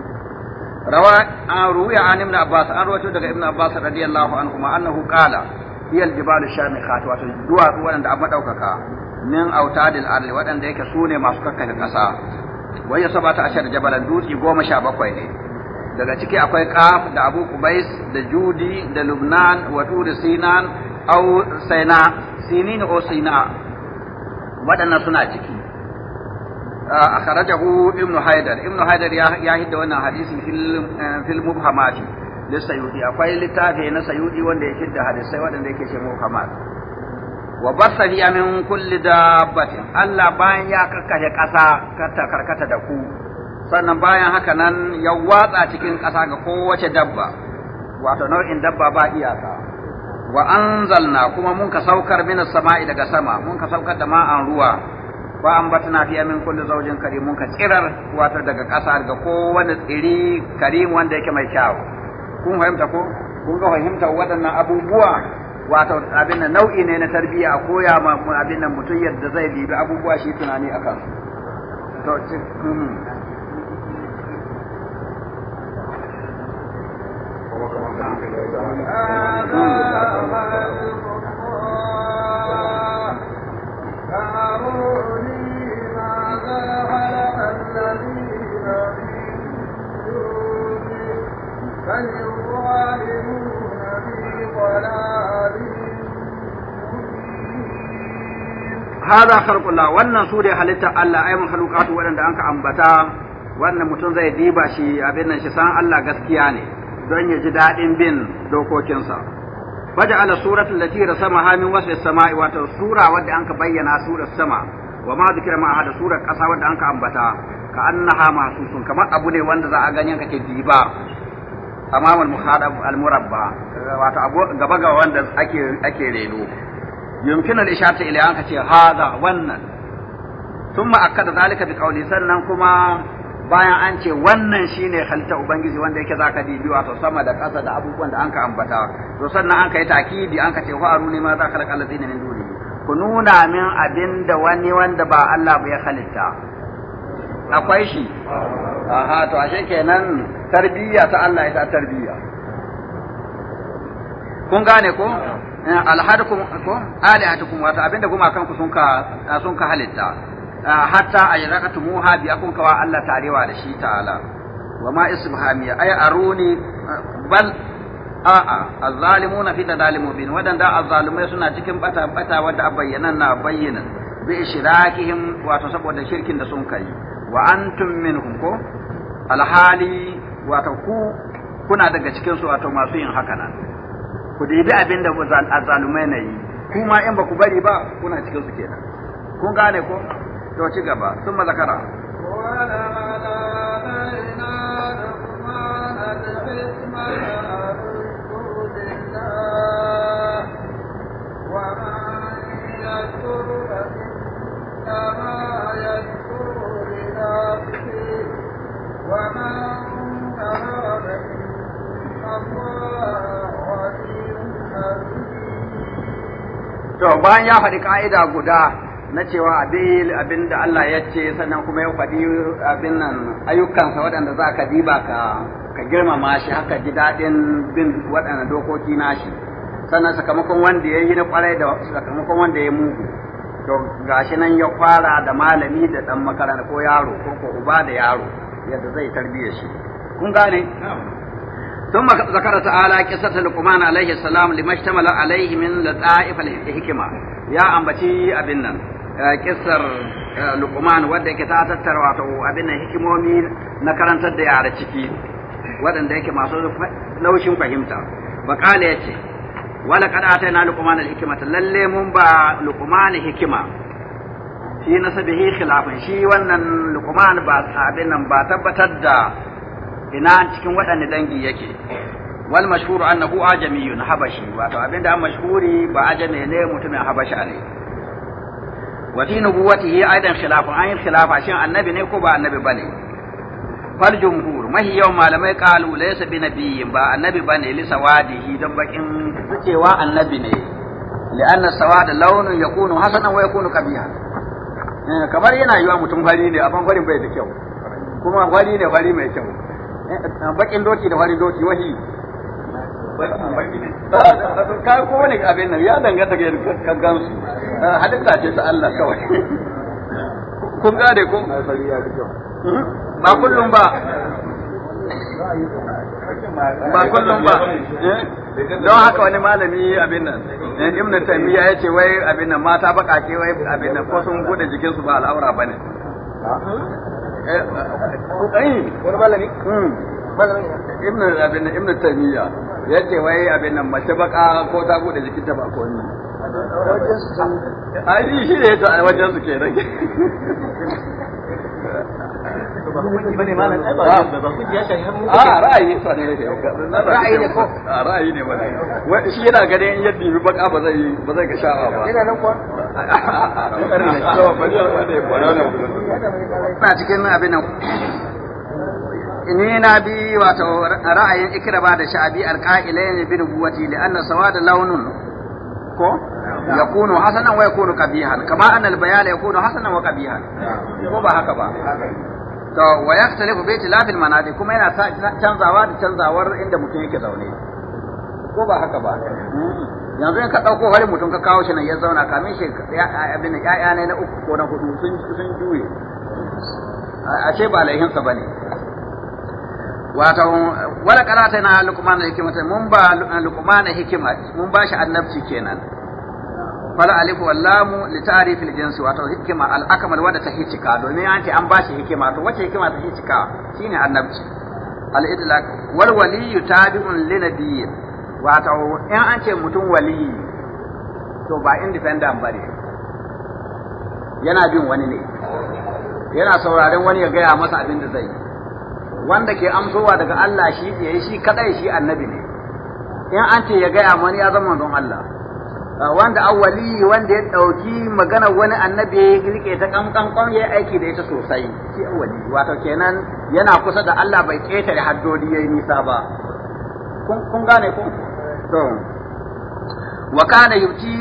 rawa an ruya an ibn abbas an rawato daga ibn abbas radiyallahu anhu ma annahu qala hiya al jibal shamikhat wato duwatsu waɗanda a madaukaka min autadil arli waɗanda yake su ne masu kakkafe ƙasa wai ya saba ta ashar jabalan dutse goma sha bakwai ne daga ciki akwai kaf da abu kubais da judi da lubnan wa turi sinan au saina sinin o sina waɗannan suna ciki akhrajahu ibn haidar ibn haidar ya hidda wannan hadisin fil eh, mubhamati lissayudi akwai littafi na sayudi wanda ya hidda hadisai waɗanda yake ce mubhamat wa basa fiya min kulli dabbatin Allah bayan ya karkashe ƙasa ta karkata da ku sannan bayan haka nan ya watsa cikin ƙasa ga kowace dabba wato nau'in dabba ba iyaka wa anzalna kuma mun ka saukar min sama'i daga sama mun ka saukar da ma'an ruwa ba an batna fi min kulli zawjin karim mun ka tsirar wato daga ƙasa ga kowane tsiri karim wanda yake mai kyau kun fahimta ko kun ga fahimta waɗannan abubuwa wato abin nan nau'i ne na tarbiyya a koya ma abin nan mutum yadda zai libi abubuwa shi tunani a kansu mm-hmm. hada khalqullah wannan su dai halitta Allah ai mun halukatu waɗanda anka ambata wannan mutum zai diba shi abin nan shi san Allah gaskiya ne don ya ji daɗin bin dokokinsa faja'ala suratu allati rasamaha min wasfi samai wato sura wadda anka bayyana surar sama wa ma zikra ma hada surar ƙasa wadda anka ambata ka annaha mahsusun kamar abu ne wanda za a ganin kake diba amamul muhadab al murabba wato gaba ga wanda ake ake reno yumkinu al-isharatu ila an kace hadha wannan thumma akada zalika bi sannan kuma bayan an ce wannan shine halitta ubangiji wanda yake zaka dibi wato sama da ƙasa da abubuwan da anka ambata to sannan anka yi takidi anka ce fa aruni ma za khalaqa allazina min duni ku nuna min abinda wani wanda ba Allah ba ya halitta akwai shi aha to ashe kenan tarbiyya ta Allah ita tarbiyya kun gane ko Eh, alhadukum ko alihatukum wato abinda gumakan ku sun ka eh, sun ka halitta eh, hatta muha bi akun kawa Allah tarewa da shi ta'ala wa ma isbahamiya ay aruni bal a'a azzalimuna fi dalalim mubin wadanda azzalimai suna cikin bata bata wadda bayyana na bayyana bi ishrakihim wato saboda shirkin da sun kai wa antum minhum ko alhali wato ku kuna daga cikin su wato masu yin haka nan ku dibi abin da azalumai na yi kuma in ba ku bari ba kuna cikin su kenan kun gane ko to ci gaba sun mazakara وَلَا bayan ya faɗi ƙa'ida guda na cewa abin da Allah ya ce sannan kuma ya faɗi abin nan ayyukansa waɗanda za ka diba ka ka girmama shi haka ji daɗin bin waɗanda dokoki nashi sannan sakamakon wanda ya yi na kwarai da sakamakon wanda ya mugu to gashi nan ya fara da malami da ɗan makaranta ko yaro ko ko uba da yaro yadda zai tarbiyya shi kun gane ثم ذكر تعالى قصة لقمان عليه السلام لما اشتمل عليه من لطائف الحكمة يا أمبتي أبنا قصة لقمان wadda yake ta tattara wato abin hikimomi na karantar da yara ciki waɗanda yake masu laushin fahimta bakala ya ce wala kada ta na luqman al-hikmata lalle mun ba luqman hikima shi nasabihi khilafin shi wannan luqman ba nan ba tabbatar da ina cikin waɗanne dangi yake wal mashhur annahu ajamiyun habashi wato abinda an mashhuri ba ajame ne mutumin habasha ne wa fi nubuwatihi aidan khilafun an khilafa shin annabi ne ko ba annabi bane fal jumhur mahi yau malamai qalu laysa bi nabiyyin ba annabi bane li sawadihi dan bakin cewa annabi ne لأن السواد لون يكون حسنا ويكون قبيحا kamar yana yiwa mutum fari ne amma farin bai da kyau kuma fari ne fari mai kyau Eh, bakin doki da farin doki wahi ka ko wani abin nan ya danganta ga ka gamsu eh, halitta ce ta Allah kawai kun gane ko hmm? ba kullum ba ba kullum ba eh? don haka wani malami abin nan ibn taymiya ya ce wai abin nan mata bakake wai abin nan ko sun bude jikinsu ba al'aura bane Eh, eh, eh, wani malami hmm. ibn abin ibn taymiya yace wai abin nan mace baka ko ta bude jikin ta ba ko ni ai shi ne ta wajen su kenan [LAUGHS] ba hukunci bane malam ai ba hukunci ya shafi mu a ra'ayi to ne ra'ayi ne ko a ra'ayi ne wannan wai shi yana ganin yadda bi baka ba zai ba zai ga sha'a ba yana nan kuwa ina cikin abin nan ni na bi wato ra'ayin ikraba da sha'abi alqa'ilaini bi nubuwati li anna sawada launun ko yakunu hasanan wa yakunu Kabihan. kama anna albayala yakunu hasanan wa Kabihan. ko ba haka ba to wa bai bi tilafil manadi kuma yana canzawa da canzawar inda mutum yake zaune ko ba haka ba yanzu in ka dauko wani mutum ka kawo shi nan ya zauna kamin shi abin da ƴaƴa ne na uku ko na hudu sun sun juye a ce ba sa bane wato wala qara'ata na luqman hikimata mun ba lukmana hikima mun ba shi annabci kenan fala alifu wallamu li ta'rif al jinsi wato hikima al akmal wanda ta hicika domin an ce an bashi hikima to wace hikima ta hicika shine annabci al idlak wal wali tabi'un li nabiyyi wato in an ce mutum wali to ba independent bane yana bin wani ne yana sauraren wani ya gaya masa abin da zai yi wanda ke amsowa daga Allah shi yayi shi kadai shi annabi ne in an ce ya gaya mani ya zama don Allah wanda awwali wanda ya dauki magana wani annabi ya rike ta kankan ya aiki da ita sosai shi awwali wato kenan yana kusa da Allah bai ƙetare haddodi yayi nisa ba kun kun gane ko to wa kana yuti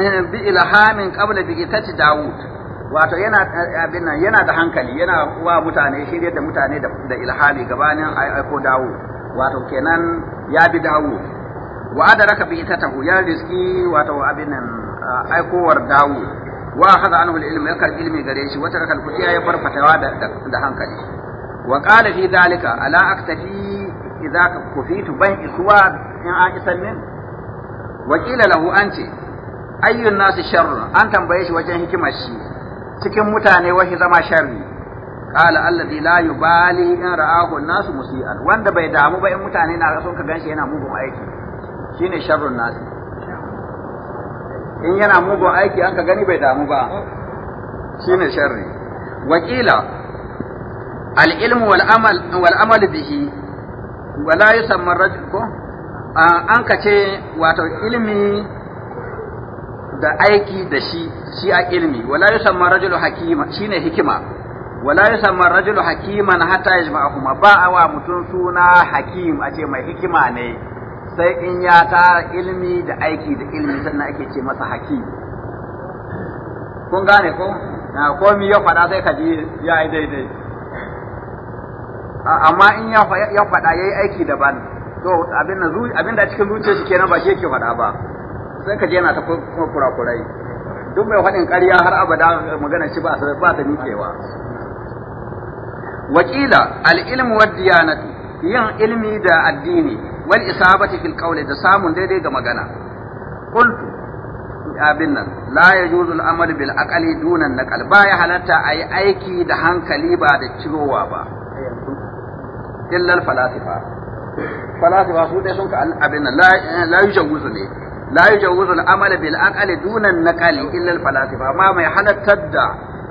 eh, bi ilhamin qabla bi itati daud wato yana eh, abin nan yana da hankali yana wa mutane shirye da mutane da ilhami gabanin aiko dawo wato kenan ya bi dawo wa adraka bi itatahu ya riski wato abin ah, aikowar dawo wa haka anhu al-ilm ya karbi ilmi gare shi wata rakal kutiya ya farfatawa da hankali wa qala fi dhalika ala aktafi idza kufitu ban isuwa in an isan min wa qila lahu anti ayyun nasi sharrun an tambaye shi wajen hikimar shi cikin mutane wahi zama sharri qala alladhi la yubali in ra'ahu an-nasu musi'an wanda bai damu ba in mutane na son ka ganshi yana mugun aiki Shi ne sharrun nasi in yana mugun aiki an ka gani bai damu ba Shi ne sharri wakila al’ilmu wal’amal bihi wala yusamma rajul ko an ka ce wato ilmi da aiki da shi shi a ilmi wala yusamma rajulu hakima ne hikima wala yi yusamma hakima na hata yajma'ahuma ba a wa mutum suna hakim a ce mai hikima ne sai in ya tara ilmi da aiki da ilmi sannan ake ce masa haki kun gane ko na komi ya faɗa sai ka ji ya yi daidai amma in ya faɗa ya yi aiki daban to abin da cikin zuciya shi kenan ba shi yake faɗa ba sai ka ji yana ta kuma kurakurai duk mai faɗin ƙarya har abada magana shi ba ta nikewa wakila al-ilmu wa diyanatu yin ilmi da addini wal isabati fil qawli da samun daidai ga magana qultu abin nan la yajuzu al amal bil aqli duna al naqal ba ya halatta ayi aiki da hankali ba da cirowa ba illa al falasifa falasifa su dai sun ka abin nan la yajuzu ne la yajuzu al amal bil aqli duna al naqal illa al falasifa ma mai halattar da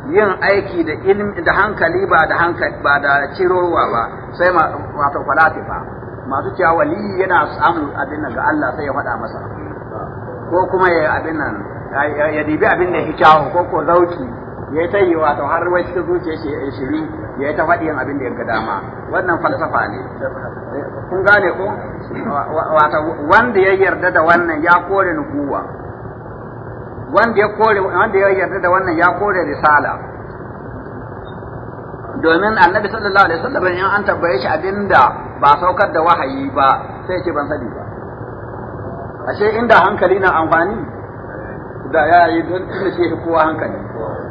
yin aiki da ilmi da hankali ba da hankali ba da cirowa ba sai ma wato falasifa masu cewa wali yana samun abin nan ga Allah sai ya faɗa masa ko kuma ya abin nan ya dibi abin da ya ko ko zauki ya ta yi wato har wai cikin zuciya shi ya shiri ya ta faɗi yin abin da ya ga dama wannan falsafa ne kun gane ko wato wanda ya yarda da wannan ya kore nubuwa wanda ya kore wanda ya yarda da wannan ya kore risala domin annabi sallallahu alaihi wasallam in an tambaye shi abinda ba saukar da wahayi ba sai ce ban sani ba ashe inda hankali na amfani da ya yi don tunda shi kowa hankali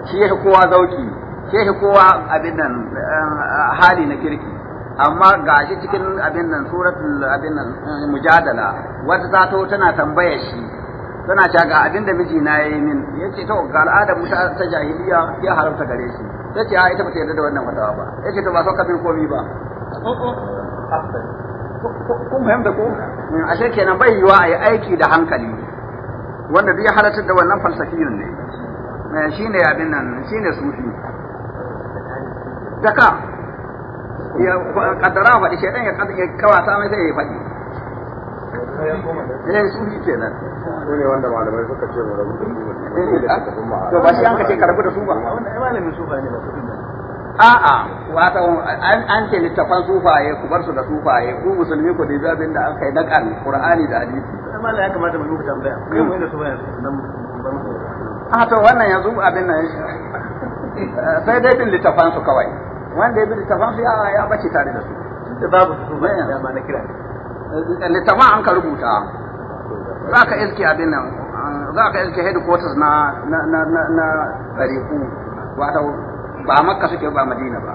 shi ya kowa zauki shi ya kowa abin nan eh, hali na kirki amma ga shi cikin abin nan suratul abin nan eh, mujadala wata ta tana tambaya shi tana cewa ga abin da miji na yi min yace to ga al'adar mu ta jahiliya ya haramta gare shi ta ce a ita ba ta yarda da wannan fatawa ba ya ce ta ba sauka min komi ba oh, oh. kun fahimta ko hmm, ashe kenan bai yiwa a yi aiki da hankali wanda duk ya halatar da wannan falsafiyin ne eh, shi ne abin nan shi ne sufi daka ya kaddara faɗi shaidan ya kawata mai sai ya faɗi eh su shi kenan su ne wanda malamai suka ce mu rabu da su da su kuma to ba shi an kace karbu da su ba wannan malamin su ba ne ba su a'a wato an ce littafan sufaye ku bar su da sufaye ku musulmi ku dibi abin da aka yi na kan qur'ani da hadisi mallan ya kamata mu muku tambaya kai mu da sufaye nan a ah, to wannan yanzu abin nan eh, sai dai bin littafan su kawai wanda ya bin littafan su ya bace tare da su babu su ba na kira littafin an ka rubuta za ka iske abin nan za ka iske headquarters na na na wata ba makka suke ba madina ba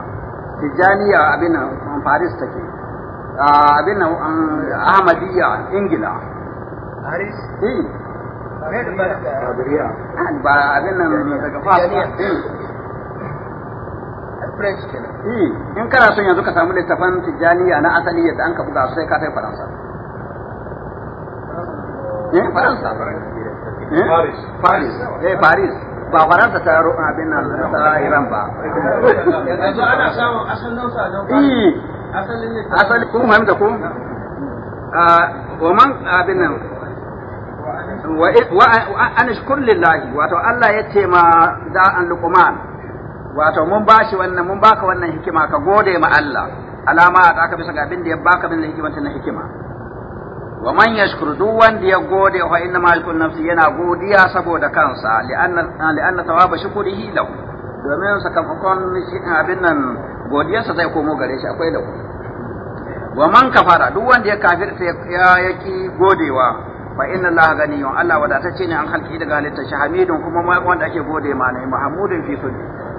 tijjaniya abin nan paris take abin nan ahmadiyya ingila paris eh ba abin nan daga fasa French kenan. Eh, in kana son yanzu ka samu littafan tijjaniya na asali yadda an ka buga sai ka kai Faransa. Eh Faransa. Eh, Paris. Paris. Eh Paris. Ba Faransa ta abin nan ta Iran ba. Yanzu ana samun asalin sa don Paris. Eh. Asalin ne. Asalin Ah, abin nan wa an lillahi wato Allah ya ce ma da an luqman wato mun ba shi wannan mun baka wannan hikima ka gode ma Allah alama a ka bisa ga abin da ya baka bin hikimanta na hikima wa man yashkur duk wanda ya gode wa inna ma yakun nafsi yana godiya saboda kansa li'anna li'anna tawaba shukrihi lahu domin sakamakon abin nan godiyarsa zai komo gare shi akwai lahu wa man kafara duk wanda ya ta ya yaki godewa fa inna Allah ganiyun Allah wadatacce ne an halki daga halitta. shahamidun kuma wanda ake gode ma ne mahmudun fi sunni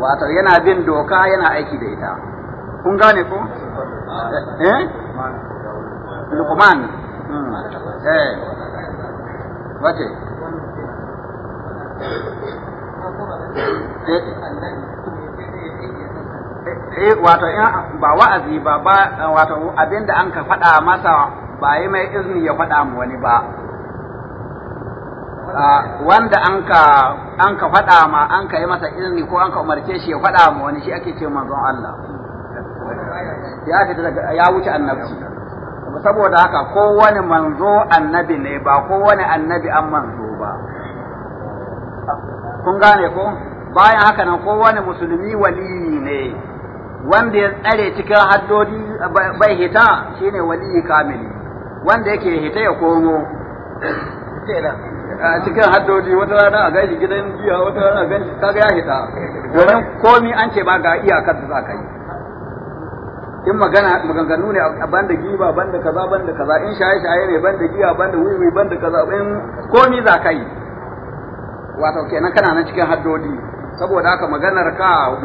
wato yana bin doka yana aiki da ita kun gane ko eh lukman hmm. eh wace eh, eh wato ba wa'azi ba wato abinda an ka faɗa masa ba yi mai izini ya faɗa mu wani ba wanda an ka faɗa ma an ka yi masa ilmi ko an ka umarce shi ya faɗa ma wani shi ake ce manzon Allah ya fita daga ya wuce annabci saboda haka kowane manzo annabi ne ba kowane annabi an manzo ba kun gane ko bayan haka nan kowane musulmi wali ne wanda ya tsare cikin haddodi bai hita shine wali kamili wanda yake hita ya komo a cikin haddodi wata rana a gashi gidan jiya wata rana a ta kaga ya hita domin komi an ce ba ga iyakar da za ka yi in magana maganganu ne a banda giba banda kaza banda kaza in shaye shaye ne banda giya banda wiwi banda kaza in komi za ka yi wato kenan kana nan cikin haddodi saboda haka maganar ka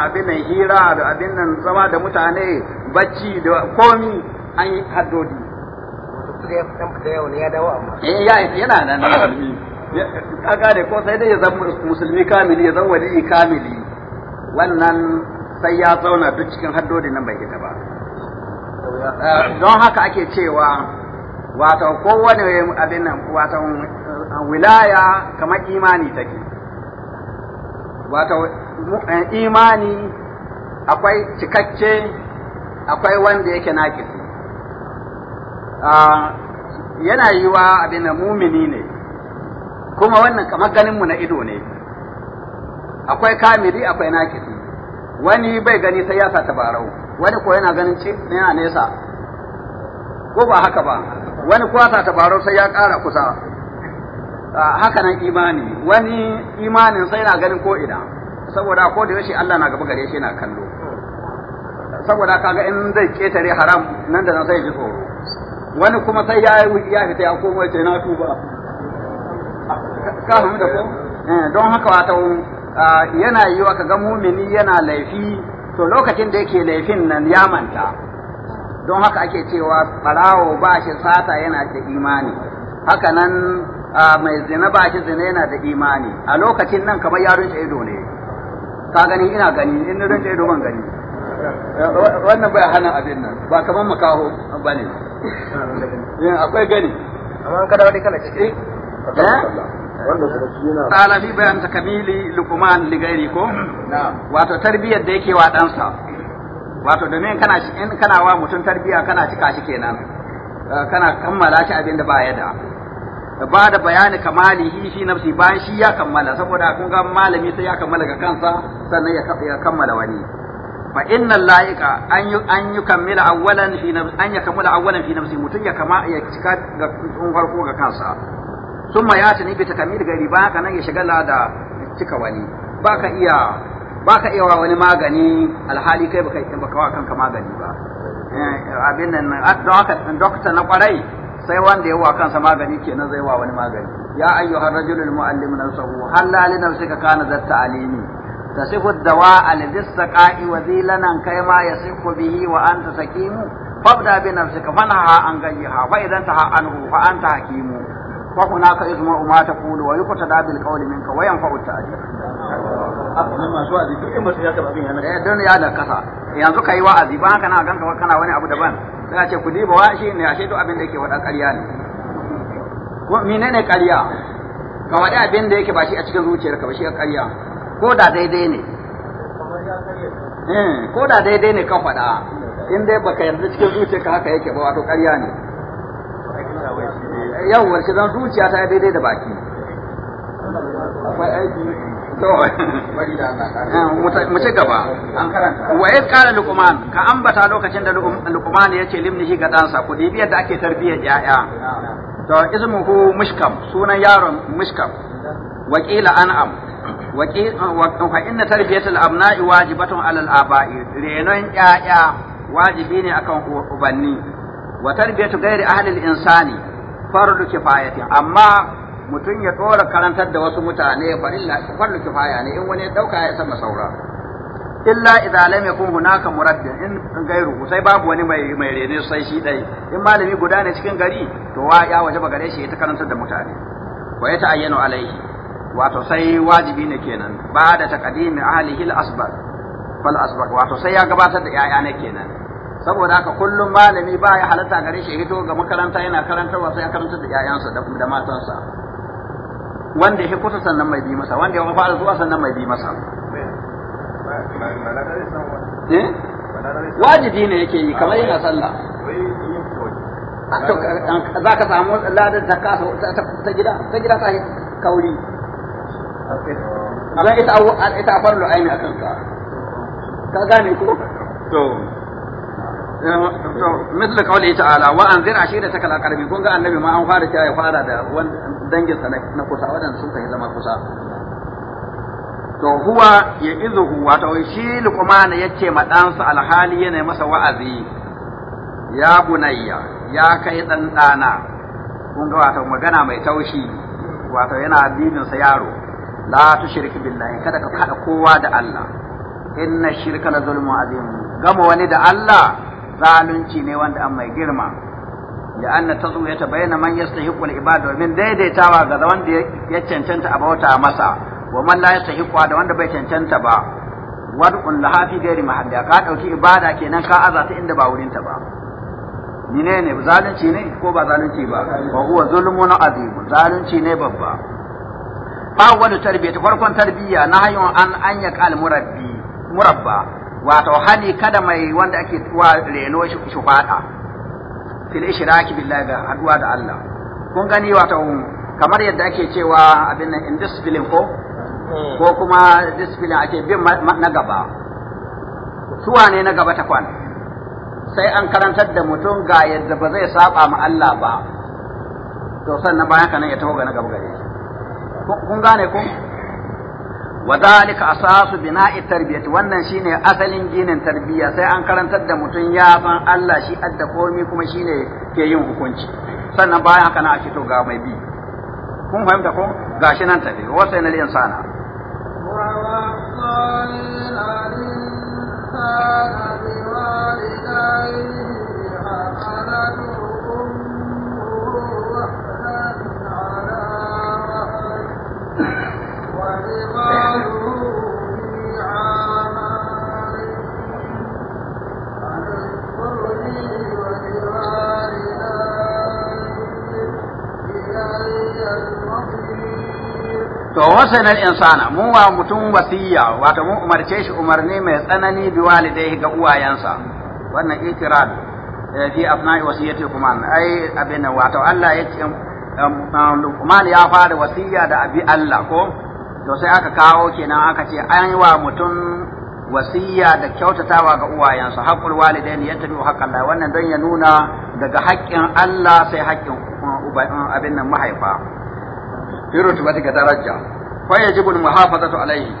abin nan hira da abin nan zama da mutane bacci da komi an yi haddodi da ya dan fita yau ne ya dawo amma eh ya yana nan musulmi ah, ka gane ko sai dai ya zama musulmi kamili ya zama wali kamili wannan sai ya zauna duk cikin haddodi nan bai ita ba eh, don haka ake cewa wato kowane abin nan wato eh, wilaya kamar imani take wato eh, imani akwai cikakke akwai wanda yake naƙisi Ah, yana yiwa abin da mumini ne kuma wannan kamar ganinmu na ido ne akwai kamiri akwai nakisi wani bai gani sai ya sa tabarau wani ko yana ganin ci yana nesa ko ba haka ba wani kuwa sa tabarau sai ya ƙara kusa ah, haka nan imani wani imanin sai yana ganin ko ina saboda ko da yaushe Allah na gaba gare shi yana kallo saboda kaga in zai ketare haram nan da nan sai ji tsoro wani kuma sai ya yi ya fita ya komo ce na tuba ka da ko eh, don haka wata yana yi wa kaga mumini yana laifi to lokacin da yake laifin nan ya manta don haka ake cewa barawo ba shi sata yana da imani haka nan mai zina ba shi zina yana da imani a lokacin nan kamar yaron shaido ne ka gani ina gani in rinci shaido ban gani wannan bai hana abin nan ba kamar makaho ba ne eh, akwai gani amma kada wani kala ciki Tsala eh? eh? fi bayan kamili lukuman ligairi ko? Wato tarbiyyar da yake wa ɗansa. Wato domin kana in kana wa mutum tarbiyya kana cika shi kenan. Kana kammala shi abin da ba ya da. Ba da bayani kamali shi nafsi bayan shi ya kammala saboda kun ga malami sai ya kammala ga kansa sannan ya kammala wani. fa inna laika an yu an yukammila awwalan fi nafsi an yakamula awwalan fi nafsi mutun ya kama ya cika ga tun farko ga kansa summa ya tani bi takamil gari ba ka nan ya shagala da cika wani ba ka iya ba ka iya wani magani alhali kai baka baka wa kanka magani ba eh, abin nan ah, dokta na kwarai sai wanda ya wa kansa magani kenan zai wa wani magani ya ayyuhar rajulul muallim nafsahu hal la li nafsika kana zatta alimi تصف الدواء لذي السقاء كيما يصف به وأنت سكيم فابدأ بنفسك فانهى عن غيها فإذا انتهى عنه فأنت حكيم وهناك يسمع ما تقول ويقتدى بالقول منك وينفع التأجير don ya da kasa yanzu ka yi wa'azi ba kana ganka kana wani abu daban sai a ce ku diba wa shi ne ashe duk abin da yake wada ƙarya ne ko menene ƙarya ka wadai abin da yake ba shi a cikin zuciyarka ba shi a ƙarya ko da daidai ne eh, ko da daidai ne ka faɗa in dai baka yarda cikin zuciyarka haka yake ba wato ƙarya ne Yau warshe zan zuciya ta daidai da baki [LAUGHS] eh, mu ci gaba wa iz qala lukuman ka ambata lokacin da ce limni limnihi ga ɗansa, ku biyar yadda ake tarbiyyar yaya to ismuhu mushkam sunan yaron mushkam wakila an'am wa inna tarbiyatul abna'i wajibatun alal aba'i renon 'ya'ya wajibi ne akan ubanni wa tarbiyatu ghairi ahli al-insani fardu kifayati amma mutum ya dora karantar da wasu mutane farilla fardu kifaya ne in wani ya dauka ya sama saura illa idza lam yakun hunaka murabbin in gairu sai babu wani mai mai rene sai shi dai in malami guda ne cikin gari to wa ya waje ba gare shi ya ta karantar da mutane wa ya ta'ayyanu alaihi wato sai wajibi ne kenan ba da taqdimi ahlihi al asbar fal asbar wato sai ya gabatar da yaya ne kenan saboda haka kullum malami ba ya halatta gare shi hito ga makaranta yana karantarwa sai ya karanta da yayansa da matansa wanda ya kusa sannan mai bi masa wanda ya fara zuwa sannan mai bi masa eh? wajibi ne yake yi kamar yana sallah ah, za ka samu ladar ta gida ta gida ta kauri amma ita ita afar lu'aini a ka ka gane ko to to misal kawai ta'ala wa anzir ashirataka al-aqrabin kun ga annabi ma an fara cewa ya fara da dangin sa na kusa wadanda sun kai zama kusa to huwa ya izuhu wato shi luqman ce ma ɗansa alhali yana masa wa'azi ya bunayya ya kai dan dana kun ga wato magana mai taushi wato yana bibin sa yaro la tushrik billahi kada ka kada kowa da Allah inna shirka la zulmun azim gama wani da Allah zalunci ne wanda an mai girma ya anna tazwiyata bayna man yastahiqu al ibada domin daidaitawa ga wanda ya cancanta a bauta masa wa man la yastahiqu da wanda bai cancanta ba wad'un laha fi ghairi mahalli ka dauki ibada kenan ka azata inda ba wurin ba ni ne ne zalunci ne ko ba zalunci ba wa huwa zulmun azim zalunci ne babba awwalu tarbiyya farkon tarbiyya nahyun an an kal murabbi murabba wato hali kada mai wanda ake wa reno shi fada fil ishraki billahi ga haduwa da Allah kun gani wato kamar yadda ake cewa abin nan discipline ko hmm. ko kuma discipline ake bin na gaba su wane na gaba ta kwan sai an karantar da mutum ga yadda ba zai saba ma Allah ba to sannan bayan nan ya tawo ga na gaba gare kun gane ku dalika asasu bina'i tarbiyati wannan shine asalin ginin tarbiyya sai an karantar da mutum ya san Allah shi adda komai kuma shine ke yin hukunci sannan bayan haka na fito ga mai bi kun fahimta ko gashi nan tafi wasai na insana ووصى to wasanar insana mu wa mutum wasiya wato mun umarce shi umarni mai tsanani bi walidai ga uwayensa wannan ikrar eh, fi afna'i wasiyati kuman ai abin wato Allah ya ce um, um, um, Luqman ya fara wasiya da abi Allah ko to sai aka kawo kenan aka ce an yi wa mutum wasiya da kyautatawa ga uwayensa haqqul walidaini yatabi haqqan la wannan dan ya nuna daga haƙƙin Allah sai haƙƙin abin nan mahaifa fi ga daraja fa yajibu al-muhafazatu alaihi.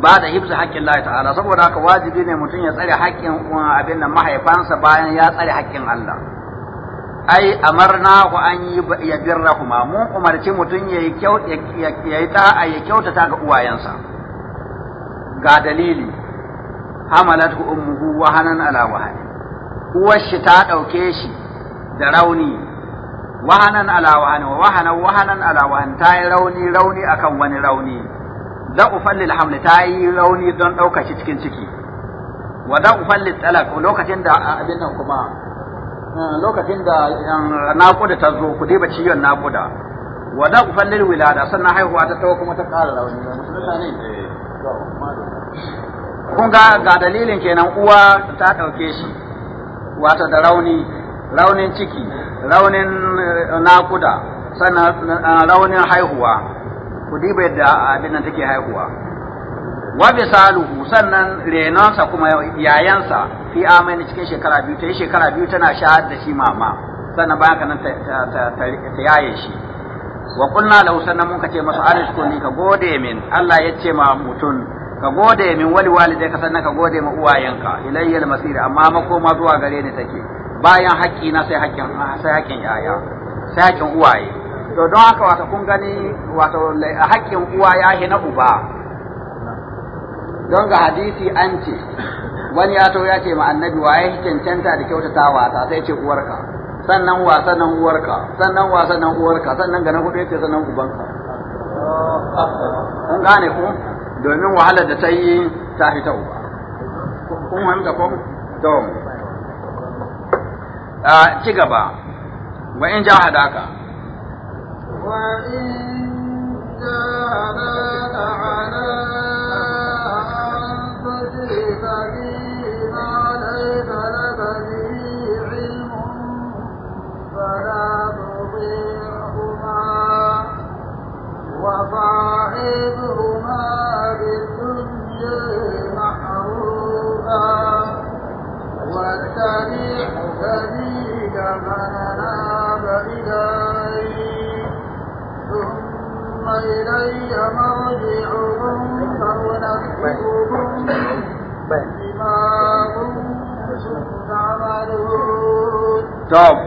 ba da hibzu haƙƙin Allah ta'ala saboda haka wajibi ne mutum ya tsare haƙƙin abin nan mahaifansa bayan ya tsare haƙƙin Allah ai amarna ku an yi ya birra kuma mun umarci mutum ya yi ta ya kyautata ga uwayensa ga dalili hamalat ku ummuhu wahanan ala wahani uwar shi ta ɗauke shi da rauni wahanan ala wahanan wahanan wahanan ala wahan ta yi rauni rauni akan wani rauni da ufallil hamli ta yi rauni don ɗaukaci cikin ciki wa da ufallil talak lokacin da abin nan kuma eh, lokacin da naƙuda ta zo ku diba ciwon naƙuda wa da ufallil wilada sannan haihuwa ta tawo kuma ta ƙara rauni kun ga ga dalilin kenan uwa ta ɗauke shi wato da rauni raunin ciki raunin eh, nakuda sannan eh, raunin haihuwa ku diba yadda abin nan take haihuwa wa bisaluhu sannan renonsa kuma yayansa fi amani cikin shekara biyu ta shekara biyu tana shahar da shi mama sannan bayan kanan ta yaye shi wa kunna lahu sannan mun ce masa ni ka gode min Allah ya ce ma mutum ka gode min wali walidai ka sannan ka gode ma uwayenka ilayyal masir amma makoma zuwa gare ni take bayan haƙƙi na sai haƙƙin sai haƙƙin yaya sai haƙƙin uwaye to don haka wata kun gani wato haƙƙin uwa ya na uba don ga hadisi an ce wani ya to ya ce ma annabi wa ya cancanta da kyautata wata sai ce uwarka sannan wa sannan uwarka sannan wa sannan uwarka sannan ga na hudu yace sannan ubanka kun gane ku? domin wahalar da ta yi ta fita uba kun wanda ko to a ci gaba wa in jahadaka wa in jahadaka ala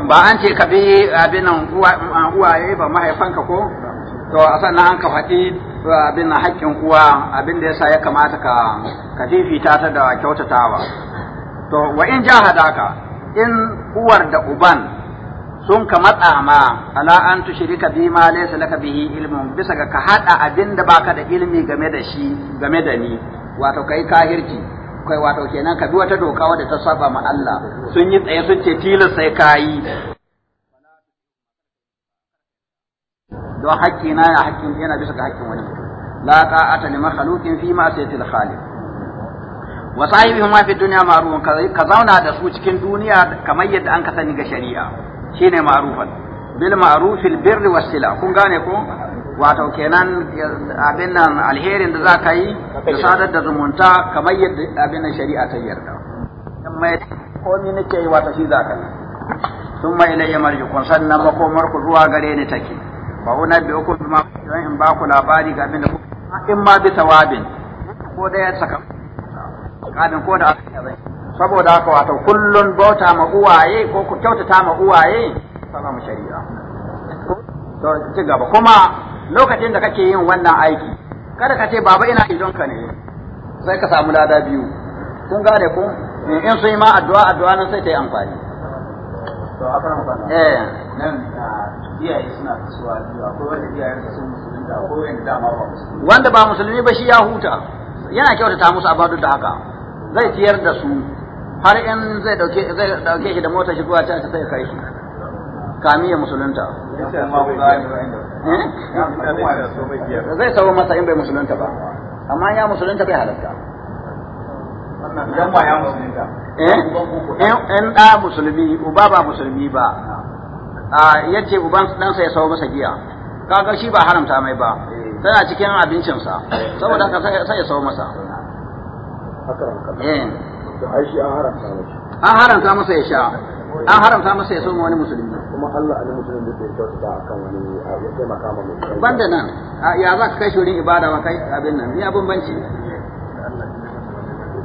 ba an ce ka bi abin nan uh, uwaye ba mahaifanka ko to sannan an ka faɗi uh, abin nan haƙƙin uwa abin da yasa ya kamata ka ka fifita ta da kyautatawa to wa in ka in uwar da uban sun ka matsa ma ala an shirika bi ma laysa laka bihi ilmun bisa ga ka hada abin da baka da ilmi game da shi game da ni wato kai kahirci kai wato kenan ka bi wata doka wadda ta saba ma Allah sun yi tsaye sun ce tilas sai ka yi don haƙƙi na ya haƙƙin yana bisa ga haƙƙin wani la ta'ata li makhluqin fi ma ma'siyatil khaliq wa sahibihim ma fi dunya ma'rufun ka zauna da su cikin duniya kamar yadda an ka sani ga shari'a shine ma'rufan bil ma'rufil birr was sila kun gane ko wato kenan abin nan alherin da za ka yi da sadar da zumunta kamar yadda abin nan shari'a ta yarda komi nake yi wata shi za ka sun mai ilayya marjikun sannan makomar ku zuwa gare ni take ba wuna bi ku ma don in ba ku labari ga abin da in ma bi tawabin ko da ya saka kadin ko da aka yi zai saboda haka wato kullun bauta ma uwaye ko ku kyautata ma uwaye mu shari'a to ci gaba kuma lokacin da kake yin wannan aiki kada ka ce baba ina idon ka ne sai ka samu lada biyu kun gane kun in sun yi ma addu'a addu'a nan sai ta yi amfani to a fara magana eh nan iyaye suna kasuwa biyu akwai wanda iyayen sun musulmi da akwai wanda dama ba musulmi wanda ba musulmi ba shi ya huta yana kyautata musu abadu da haka zai ciyar da su har in zai dauke zai dauke shi da motar shi zuwa can sai kai shi kami ya musulunta eh? zai sauwa masa in bai musulunta ba amma ya musulunta bai halatta idan eh? eh, in ɗa musulmi uba ba musulmi ba ya ce uban ɗansa ya sau masa giya kaga shi ba haramta mai ba eh. tana cikin abincinsa saboda haka sai ya sau masa an haramta masa ya sha an haramta masa ya soma wani musulmi kuma Allah ne musulmi da ya kyauta akan wani ya taimaka ma mai banda nan ya za ka kai shi wurin ibada wa kai abin nan ya bambanci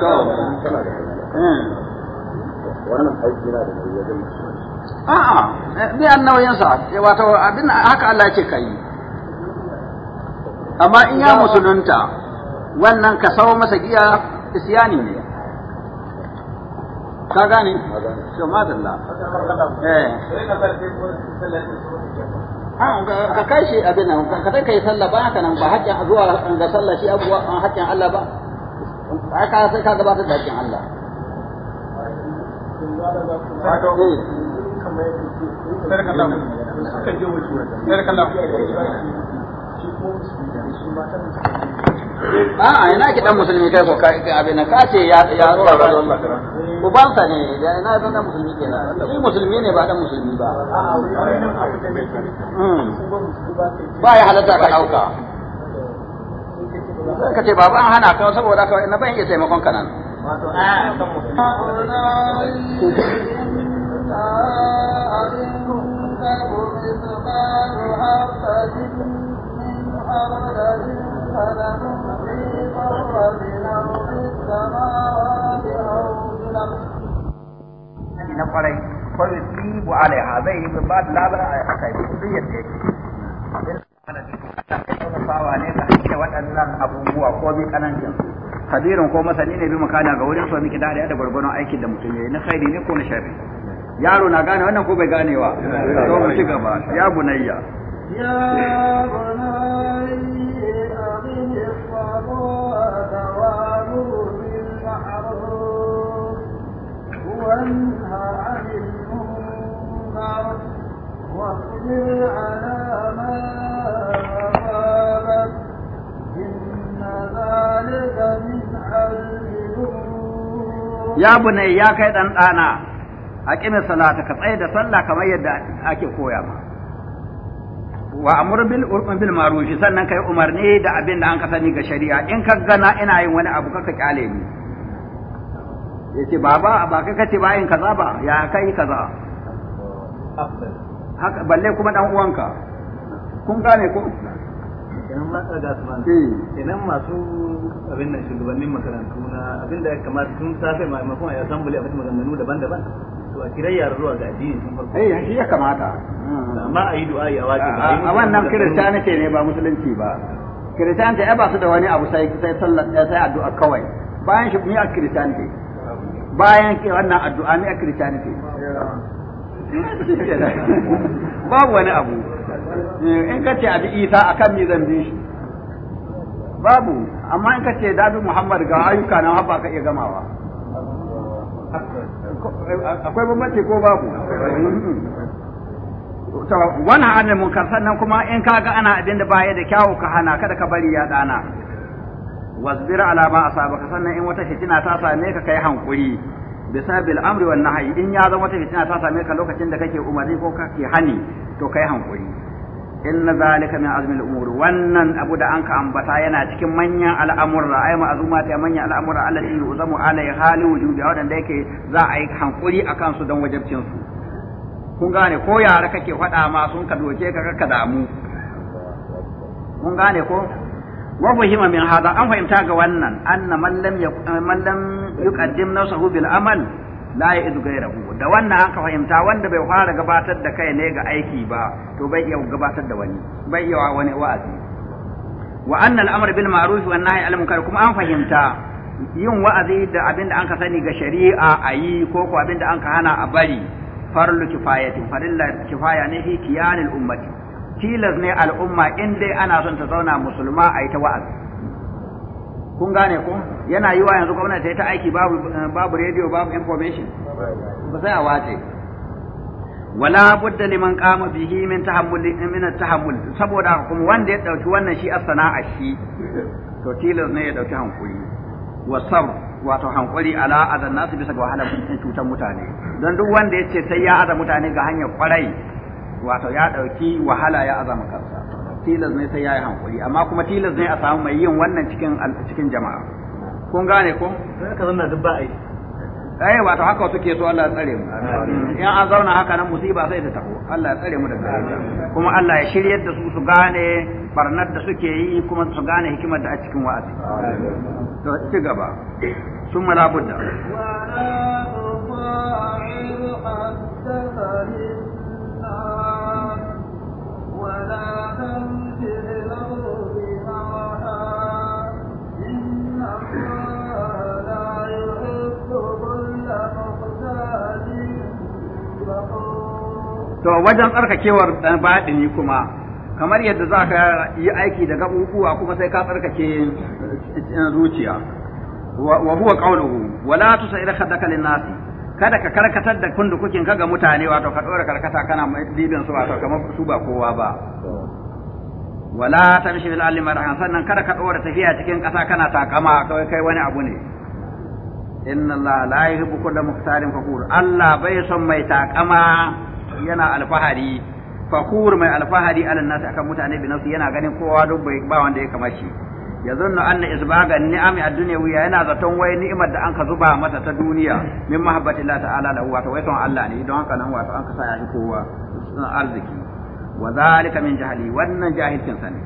wannan aiki na da nauyi a'a me an nauyin sa wato abin haka Allah ce kai amma in ya musulunta wannan ka sawo masa giya isyani ne ka gane to madalla eh ka kai shi abin nan ka kai sallah ba haka nan ba haƙƙin zuwa ga sallah shi abuwa haƙƙin Allah ba ai ka sai ka gabatar da hakkin Allah eh. ina ki dan musulmi kai ko kai abin ka ce ya ya eh. ne ya ina dan musulmi ke na musulmi ne ba dan musulmi ba hmm. ba ya halatta ka dauka ka ce baba an hana ka saboda ka na ban iya taimakon ka nan wato a kan na kwarai kwarai alaiha zai yi ba da a kai yadda yake. ne ka waɗannan abubuwa ko bi kanancin kabirin ko masani ne bi makana ga wurin so miki dare da gurgurun aikin da mutum yayi na khairi ne ko na sharri yaro na gane wannan ko bai ganewa to mu ci gaba ya bunayya ya bunayya واصبر على ما ya bune ya kai dan dana kina salata ka tsaye da sallah kamar yadda ake koya ma wa amur bil urfin bil ma'ruf sannan kai umarni da abin da an ka sani ga shari'a in ka gana ina yin wani abu kaka kyale ni yace baba ba kai kace ba in kaza ba ya kai kaza haka balle kuma dan uwanka kun gane ko kenan ma ga su mana kenan eh. masu abin nan shugabannin makarantu na abin da ya kamata tun safe maimakon a assembly a fata maganganu daban-daban to a kiran yara zuwa ga addini sun farko eh shi ya kamata amma a yi du'a ya wace a wannan kiristani ce ne ba musulunci ba kiristani ce ba su da wani abu sai sai sallar sai addu'a kawai bayan shi ni a kiristani ce bayan wannan addu'a ni a kiristani ce [LAUGHS] [LAUGHS] babu wani abu Eh, in ka ce abi isa a kan zan bi shi babu amma in ka ce dabi muhammad ga ayyuka na haɓa ka iya gamawa akwai bambanci ko babu wani hannun munkar sannan kuma in ka ga ana abin da baya da kyawu ka hana kada ka bari ya dana wasbir a ma asabaka sannan in wata fitina ta same ka kai hankuri bisabi al'amri wannan nahyi in ya zama wata fitina ta same ka lokacin da kake umarni ko kake hani to kai hankuri inna zalika min azmil umur wannan abu da anka ambata yana cikin manyan al'amurra ai ma'azuma ta manyan al'amurra allati yuzamu alai hali wujudi wadanda yake za a yi hankuri akan su don wajibcin su kun gane ko yara kake faɗa ma sun ka doke ka ka damu kun gane ko wa fahima min hada an fahimta ga wannan anna man lam man lam yuqaddim nafsahu bil amal la ya izu gairahu da wannan an ka fahimta wanda bai fara gabatar da kai ne ga aiki ba to bai iya gabatar da wani bai iya wani wa'azi wa anna al-amr bil ma'ruf wa nahy anil kuma an fahimta yin wa'azi da abin da an ka sani ga shari'a ayi ko ko abin da an ka hana a bari farlu kifayatin farilla kifaya ne fi kiyanil ummati tilas ne al'umma in dai ana son ta zauna musulma a yi ta wa'azi kun gane ko yana yiwa yanzu gwamnati ta ta aiki babu babu radio babu information ba sai a wace wala budda liman qama bihi min tahammul min tahammul saboda kuma wanda ya dauki wannan shi as-sana'a shi to tilas ne ya dauki hankuri wa wato hankuri ala adan nasu bisa ga wahalar cutar mutane don duk wanda ya ce sai ya aza mutane ga hanyar kwarai wato ya dauki wahala ya azama kansa tilas ne sai ya yi hankuri amma kuma tilas ne a samu mai yin wannan cikin cikin jama'a kun gane ko ka zanna duk ba ai ai eh, wato haka suke so Allah ya tsare mu in an zauna haka nan musiba sai ta taho Allah ya tsare mu daga kuma Allah ya shiryar da su su gane barnar da suke yi kuma su gane hikimar da a cikin wa'azi to ci gaba ثم لا بد ولا to wajen tsarkakewar baɗini kuma kamar yadda za ka yi aiki da gaɓuɓuwa kuma sai ka tsarkake eh, zuciya wa huwa qawluhu wala tusair khadaka lin-nasi kada ka karkatar da kundukukin ka ga mutane wato ka dora karkata kana mai dibin su wato kamar su ba kowa ba wala tamshi bil alim marhan sannan kada ka dora tafiya cikin ƙasa kana takama kai kai wani abu ne inna allaha la yuhibbu kulla mukhtalin fakhur allah bai son mai takama yana alfahari fakur mai alfahari alin nasu akan mutane bi nasu yana ganin kowa duk bai ba wanda ya kamashi ya zunnu anna isbaga ni'ami ad wa yana zaton wai ni'imar da anka zuba mata ta duniya min mahabbati Allah ta'ala lahu wato wai son Allah ne don haka nan wato anka sa ya kowa arziki wa zalika min jahli wannan jahilcin sa ne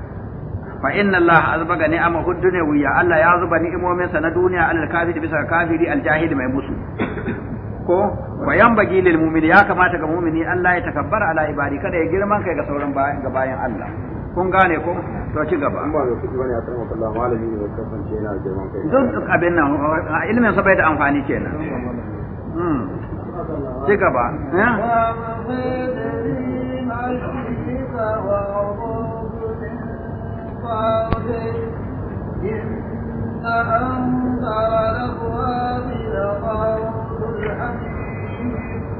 fa inna Allah azbaga ni'ama ad wa Allah ya zuba ni'imomin sa na duniya alal kafiri bisa kafiri al-jahili mai musu ko wa yanbaghi lil mu'min ya kamata ga mu'mini Allah ya takabbara ala ibadi kada ya girman kai ga sauran ga bayan Allah kun gane ko to ci gaba in ba da kuɗi bane a tsara Allah malami ne wanda kasance yana da girman kai duk abin nan ilimin sa bai da amfani kenan hmm. ci gaba إن أنذر الأبواب لقوم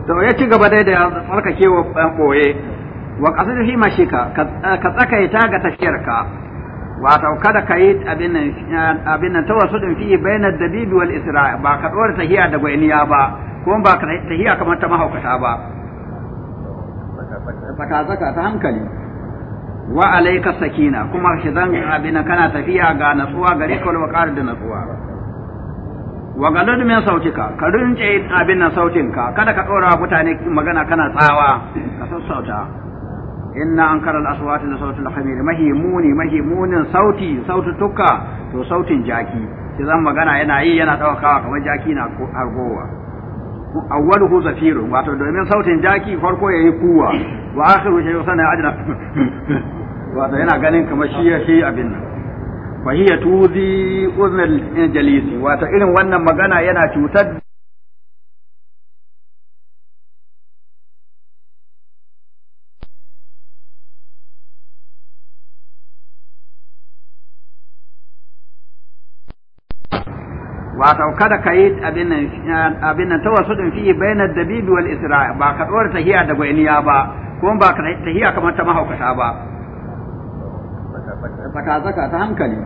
to ya ci gaba dai da tsarkake wa ɓoye. wa shi ma shi ka ka tsakaita ga tafiyarka wato kada ka yi abin nan ta wasu tawassudin fi bainar dabibi wal isra ba ka ɗora tahiya da gwaniya ba ko ba ka tahiya kamar ta mahaukata ba tsaka tsaka ta hankali wa alayka sakina kuma shi zan abin kana tafiya ga natsuwa gare kawai wa waqar da natsuwa wa galad min sautika ka rinje abin nan sautinka kada ka dora mutane magana kana tsawa ka sassauta inna ankara al-aswat la sautul hamir mahimuni mahimunin sauti sautu tukka to sautin jaki ki zan magana yana yi yana daukawa kamar jaki na argowa awwaluhu zafirun wato domin sautin jaki farko yayi kuwa wa akhiru shi sana ajra wato yana ganin kamar shi ya abin nan fahiya tuzi uznal jalisi wata irin wannan magana yana cutar wato kada ka yi abin nan tawassudin fi bainar dabibi wal ba ka tsora tahiya da gwaniya ba kuma ba ka tahiya kamar ta mahaukata ba fatazaka ta hankali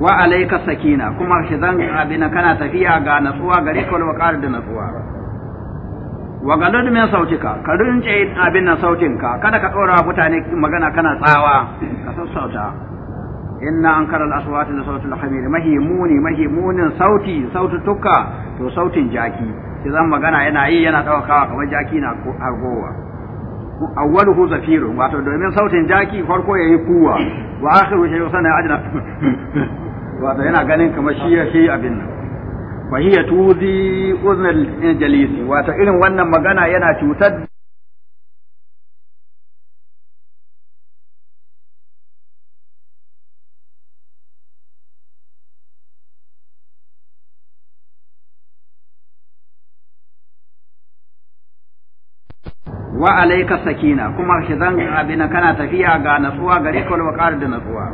wa alayka sakina kuma shi zan abin kana tafiya ga natsuwa gare ka wa ƙara da natsuwa wa galud min sautika ka rinje abin nan ka kada ka ɗora mutane magana kana tsawa ka sassauta inna ankara al-aswati la sautul hamir mahimuni mahimunin sauti tukka to sautin jaki sai magana yana yi yana daukawa kamar jaki na hargowa awwaluhu zafirun wato domin sautin jaki farko yayi kuwa wa akhiru shay'un sana ajna [LAUGHS] wato yana ganin kamar shi ya shi abin nan fa hiya tuzi uznal jalisi wato irin wannan magana yana cutar wa alayka sakina kuma shi zan abin kana tafiya ga natsuwa gare ka wa da natsuwa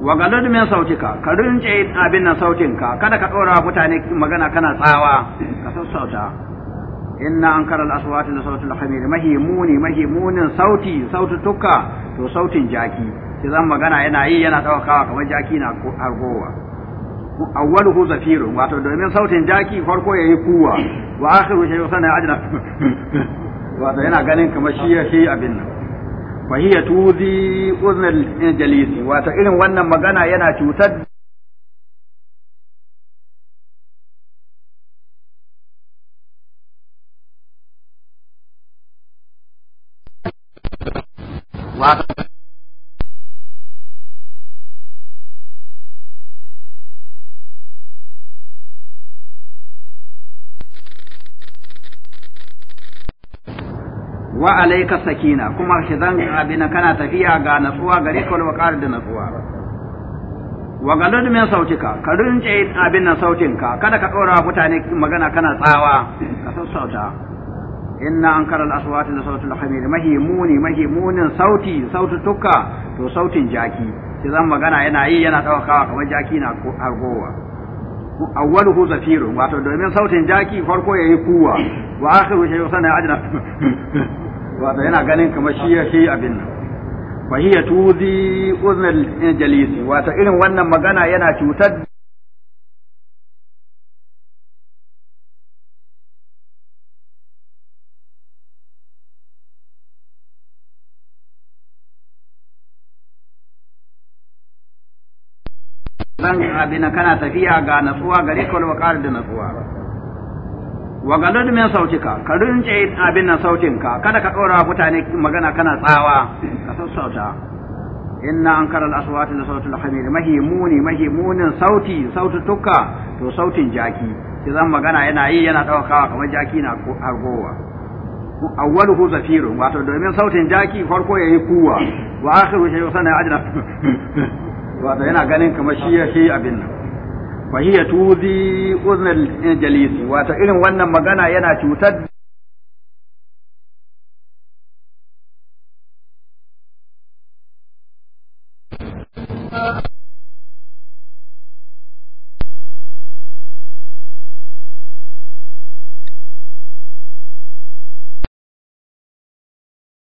wa galad min sautika ka rinje abin nan sautinka kada ka ɗora mutane magana kana tsawa ka sassauta inna ankara al-aswati la sautul khamir mahimuni mahimunin sauti tukka to sautin jaki shi zan magana yana yi yana daukawa kamar jaki na argowa awwaluhu zafirun wato domin sautin jaki farko yayi kuwa wa akhiru shay'un sana ajna [LAUGHS] wato yana ganin kamar shi ya shi abin nan fa hiya tuzi uznal jalisi wato irin wannan magana yana cutar wato wa alayka sakina kuma shi zan abin kana tafiya ga natsuwa gare ka wal da natsuwa wa galud min sautika ka rinje abin nan sautinka kada ka wa mutane magana kana tsawa ka sassauta inna ankara al-aswati la sautul hamir mahimuni mahimunin sauti sautu tukka to sautin jaki sai zan magana yana yi yana ɗaukawa kamar jaki na argowa hu zafirun wato domin sautin jaki farko yayi kuwa wa akhiru shay'un sana ajna wato yana ganin kamar shi ya shi abin nan fa hiya tuzi uznal jalisi wato irin wannan magana yana cutar dan abin kana tafiya ga natsuwa gari ka wa da natsuwa wa galad min sautika ka rinje abin nan sautinka kada ka dora mutane magana kana tsawa ka sassauta inna ankara al-aswati la sautul hamir mahimuni mahimunin sauti sautu tukka to sautin jaki sai zan magana yana yi yana daukawa kamar jaki na awwalu awwaluhu zafirun wato domin sautin jaki farko yayi kuwa wa akhiru shi sana ajra [LAUGHS] wato yana ganin kamar shi ya shi abin nan fa hiya tuzi jalisi wato irin wannan magana yana cutar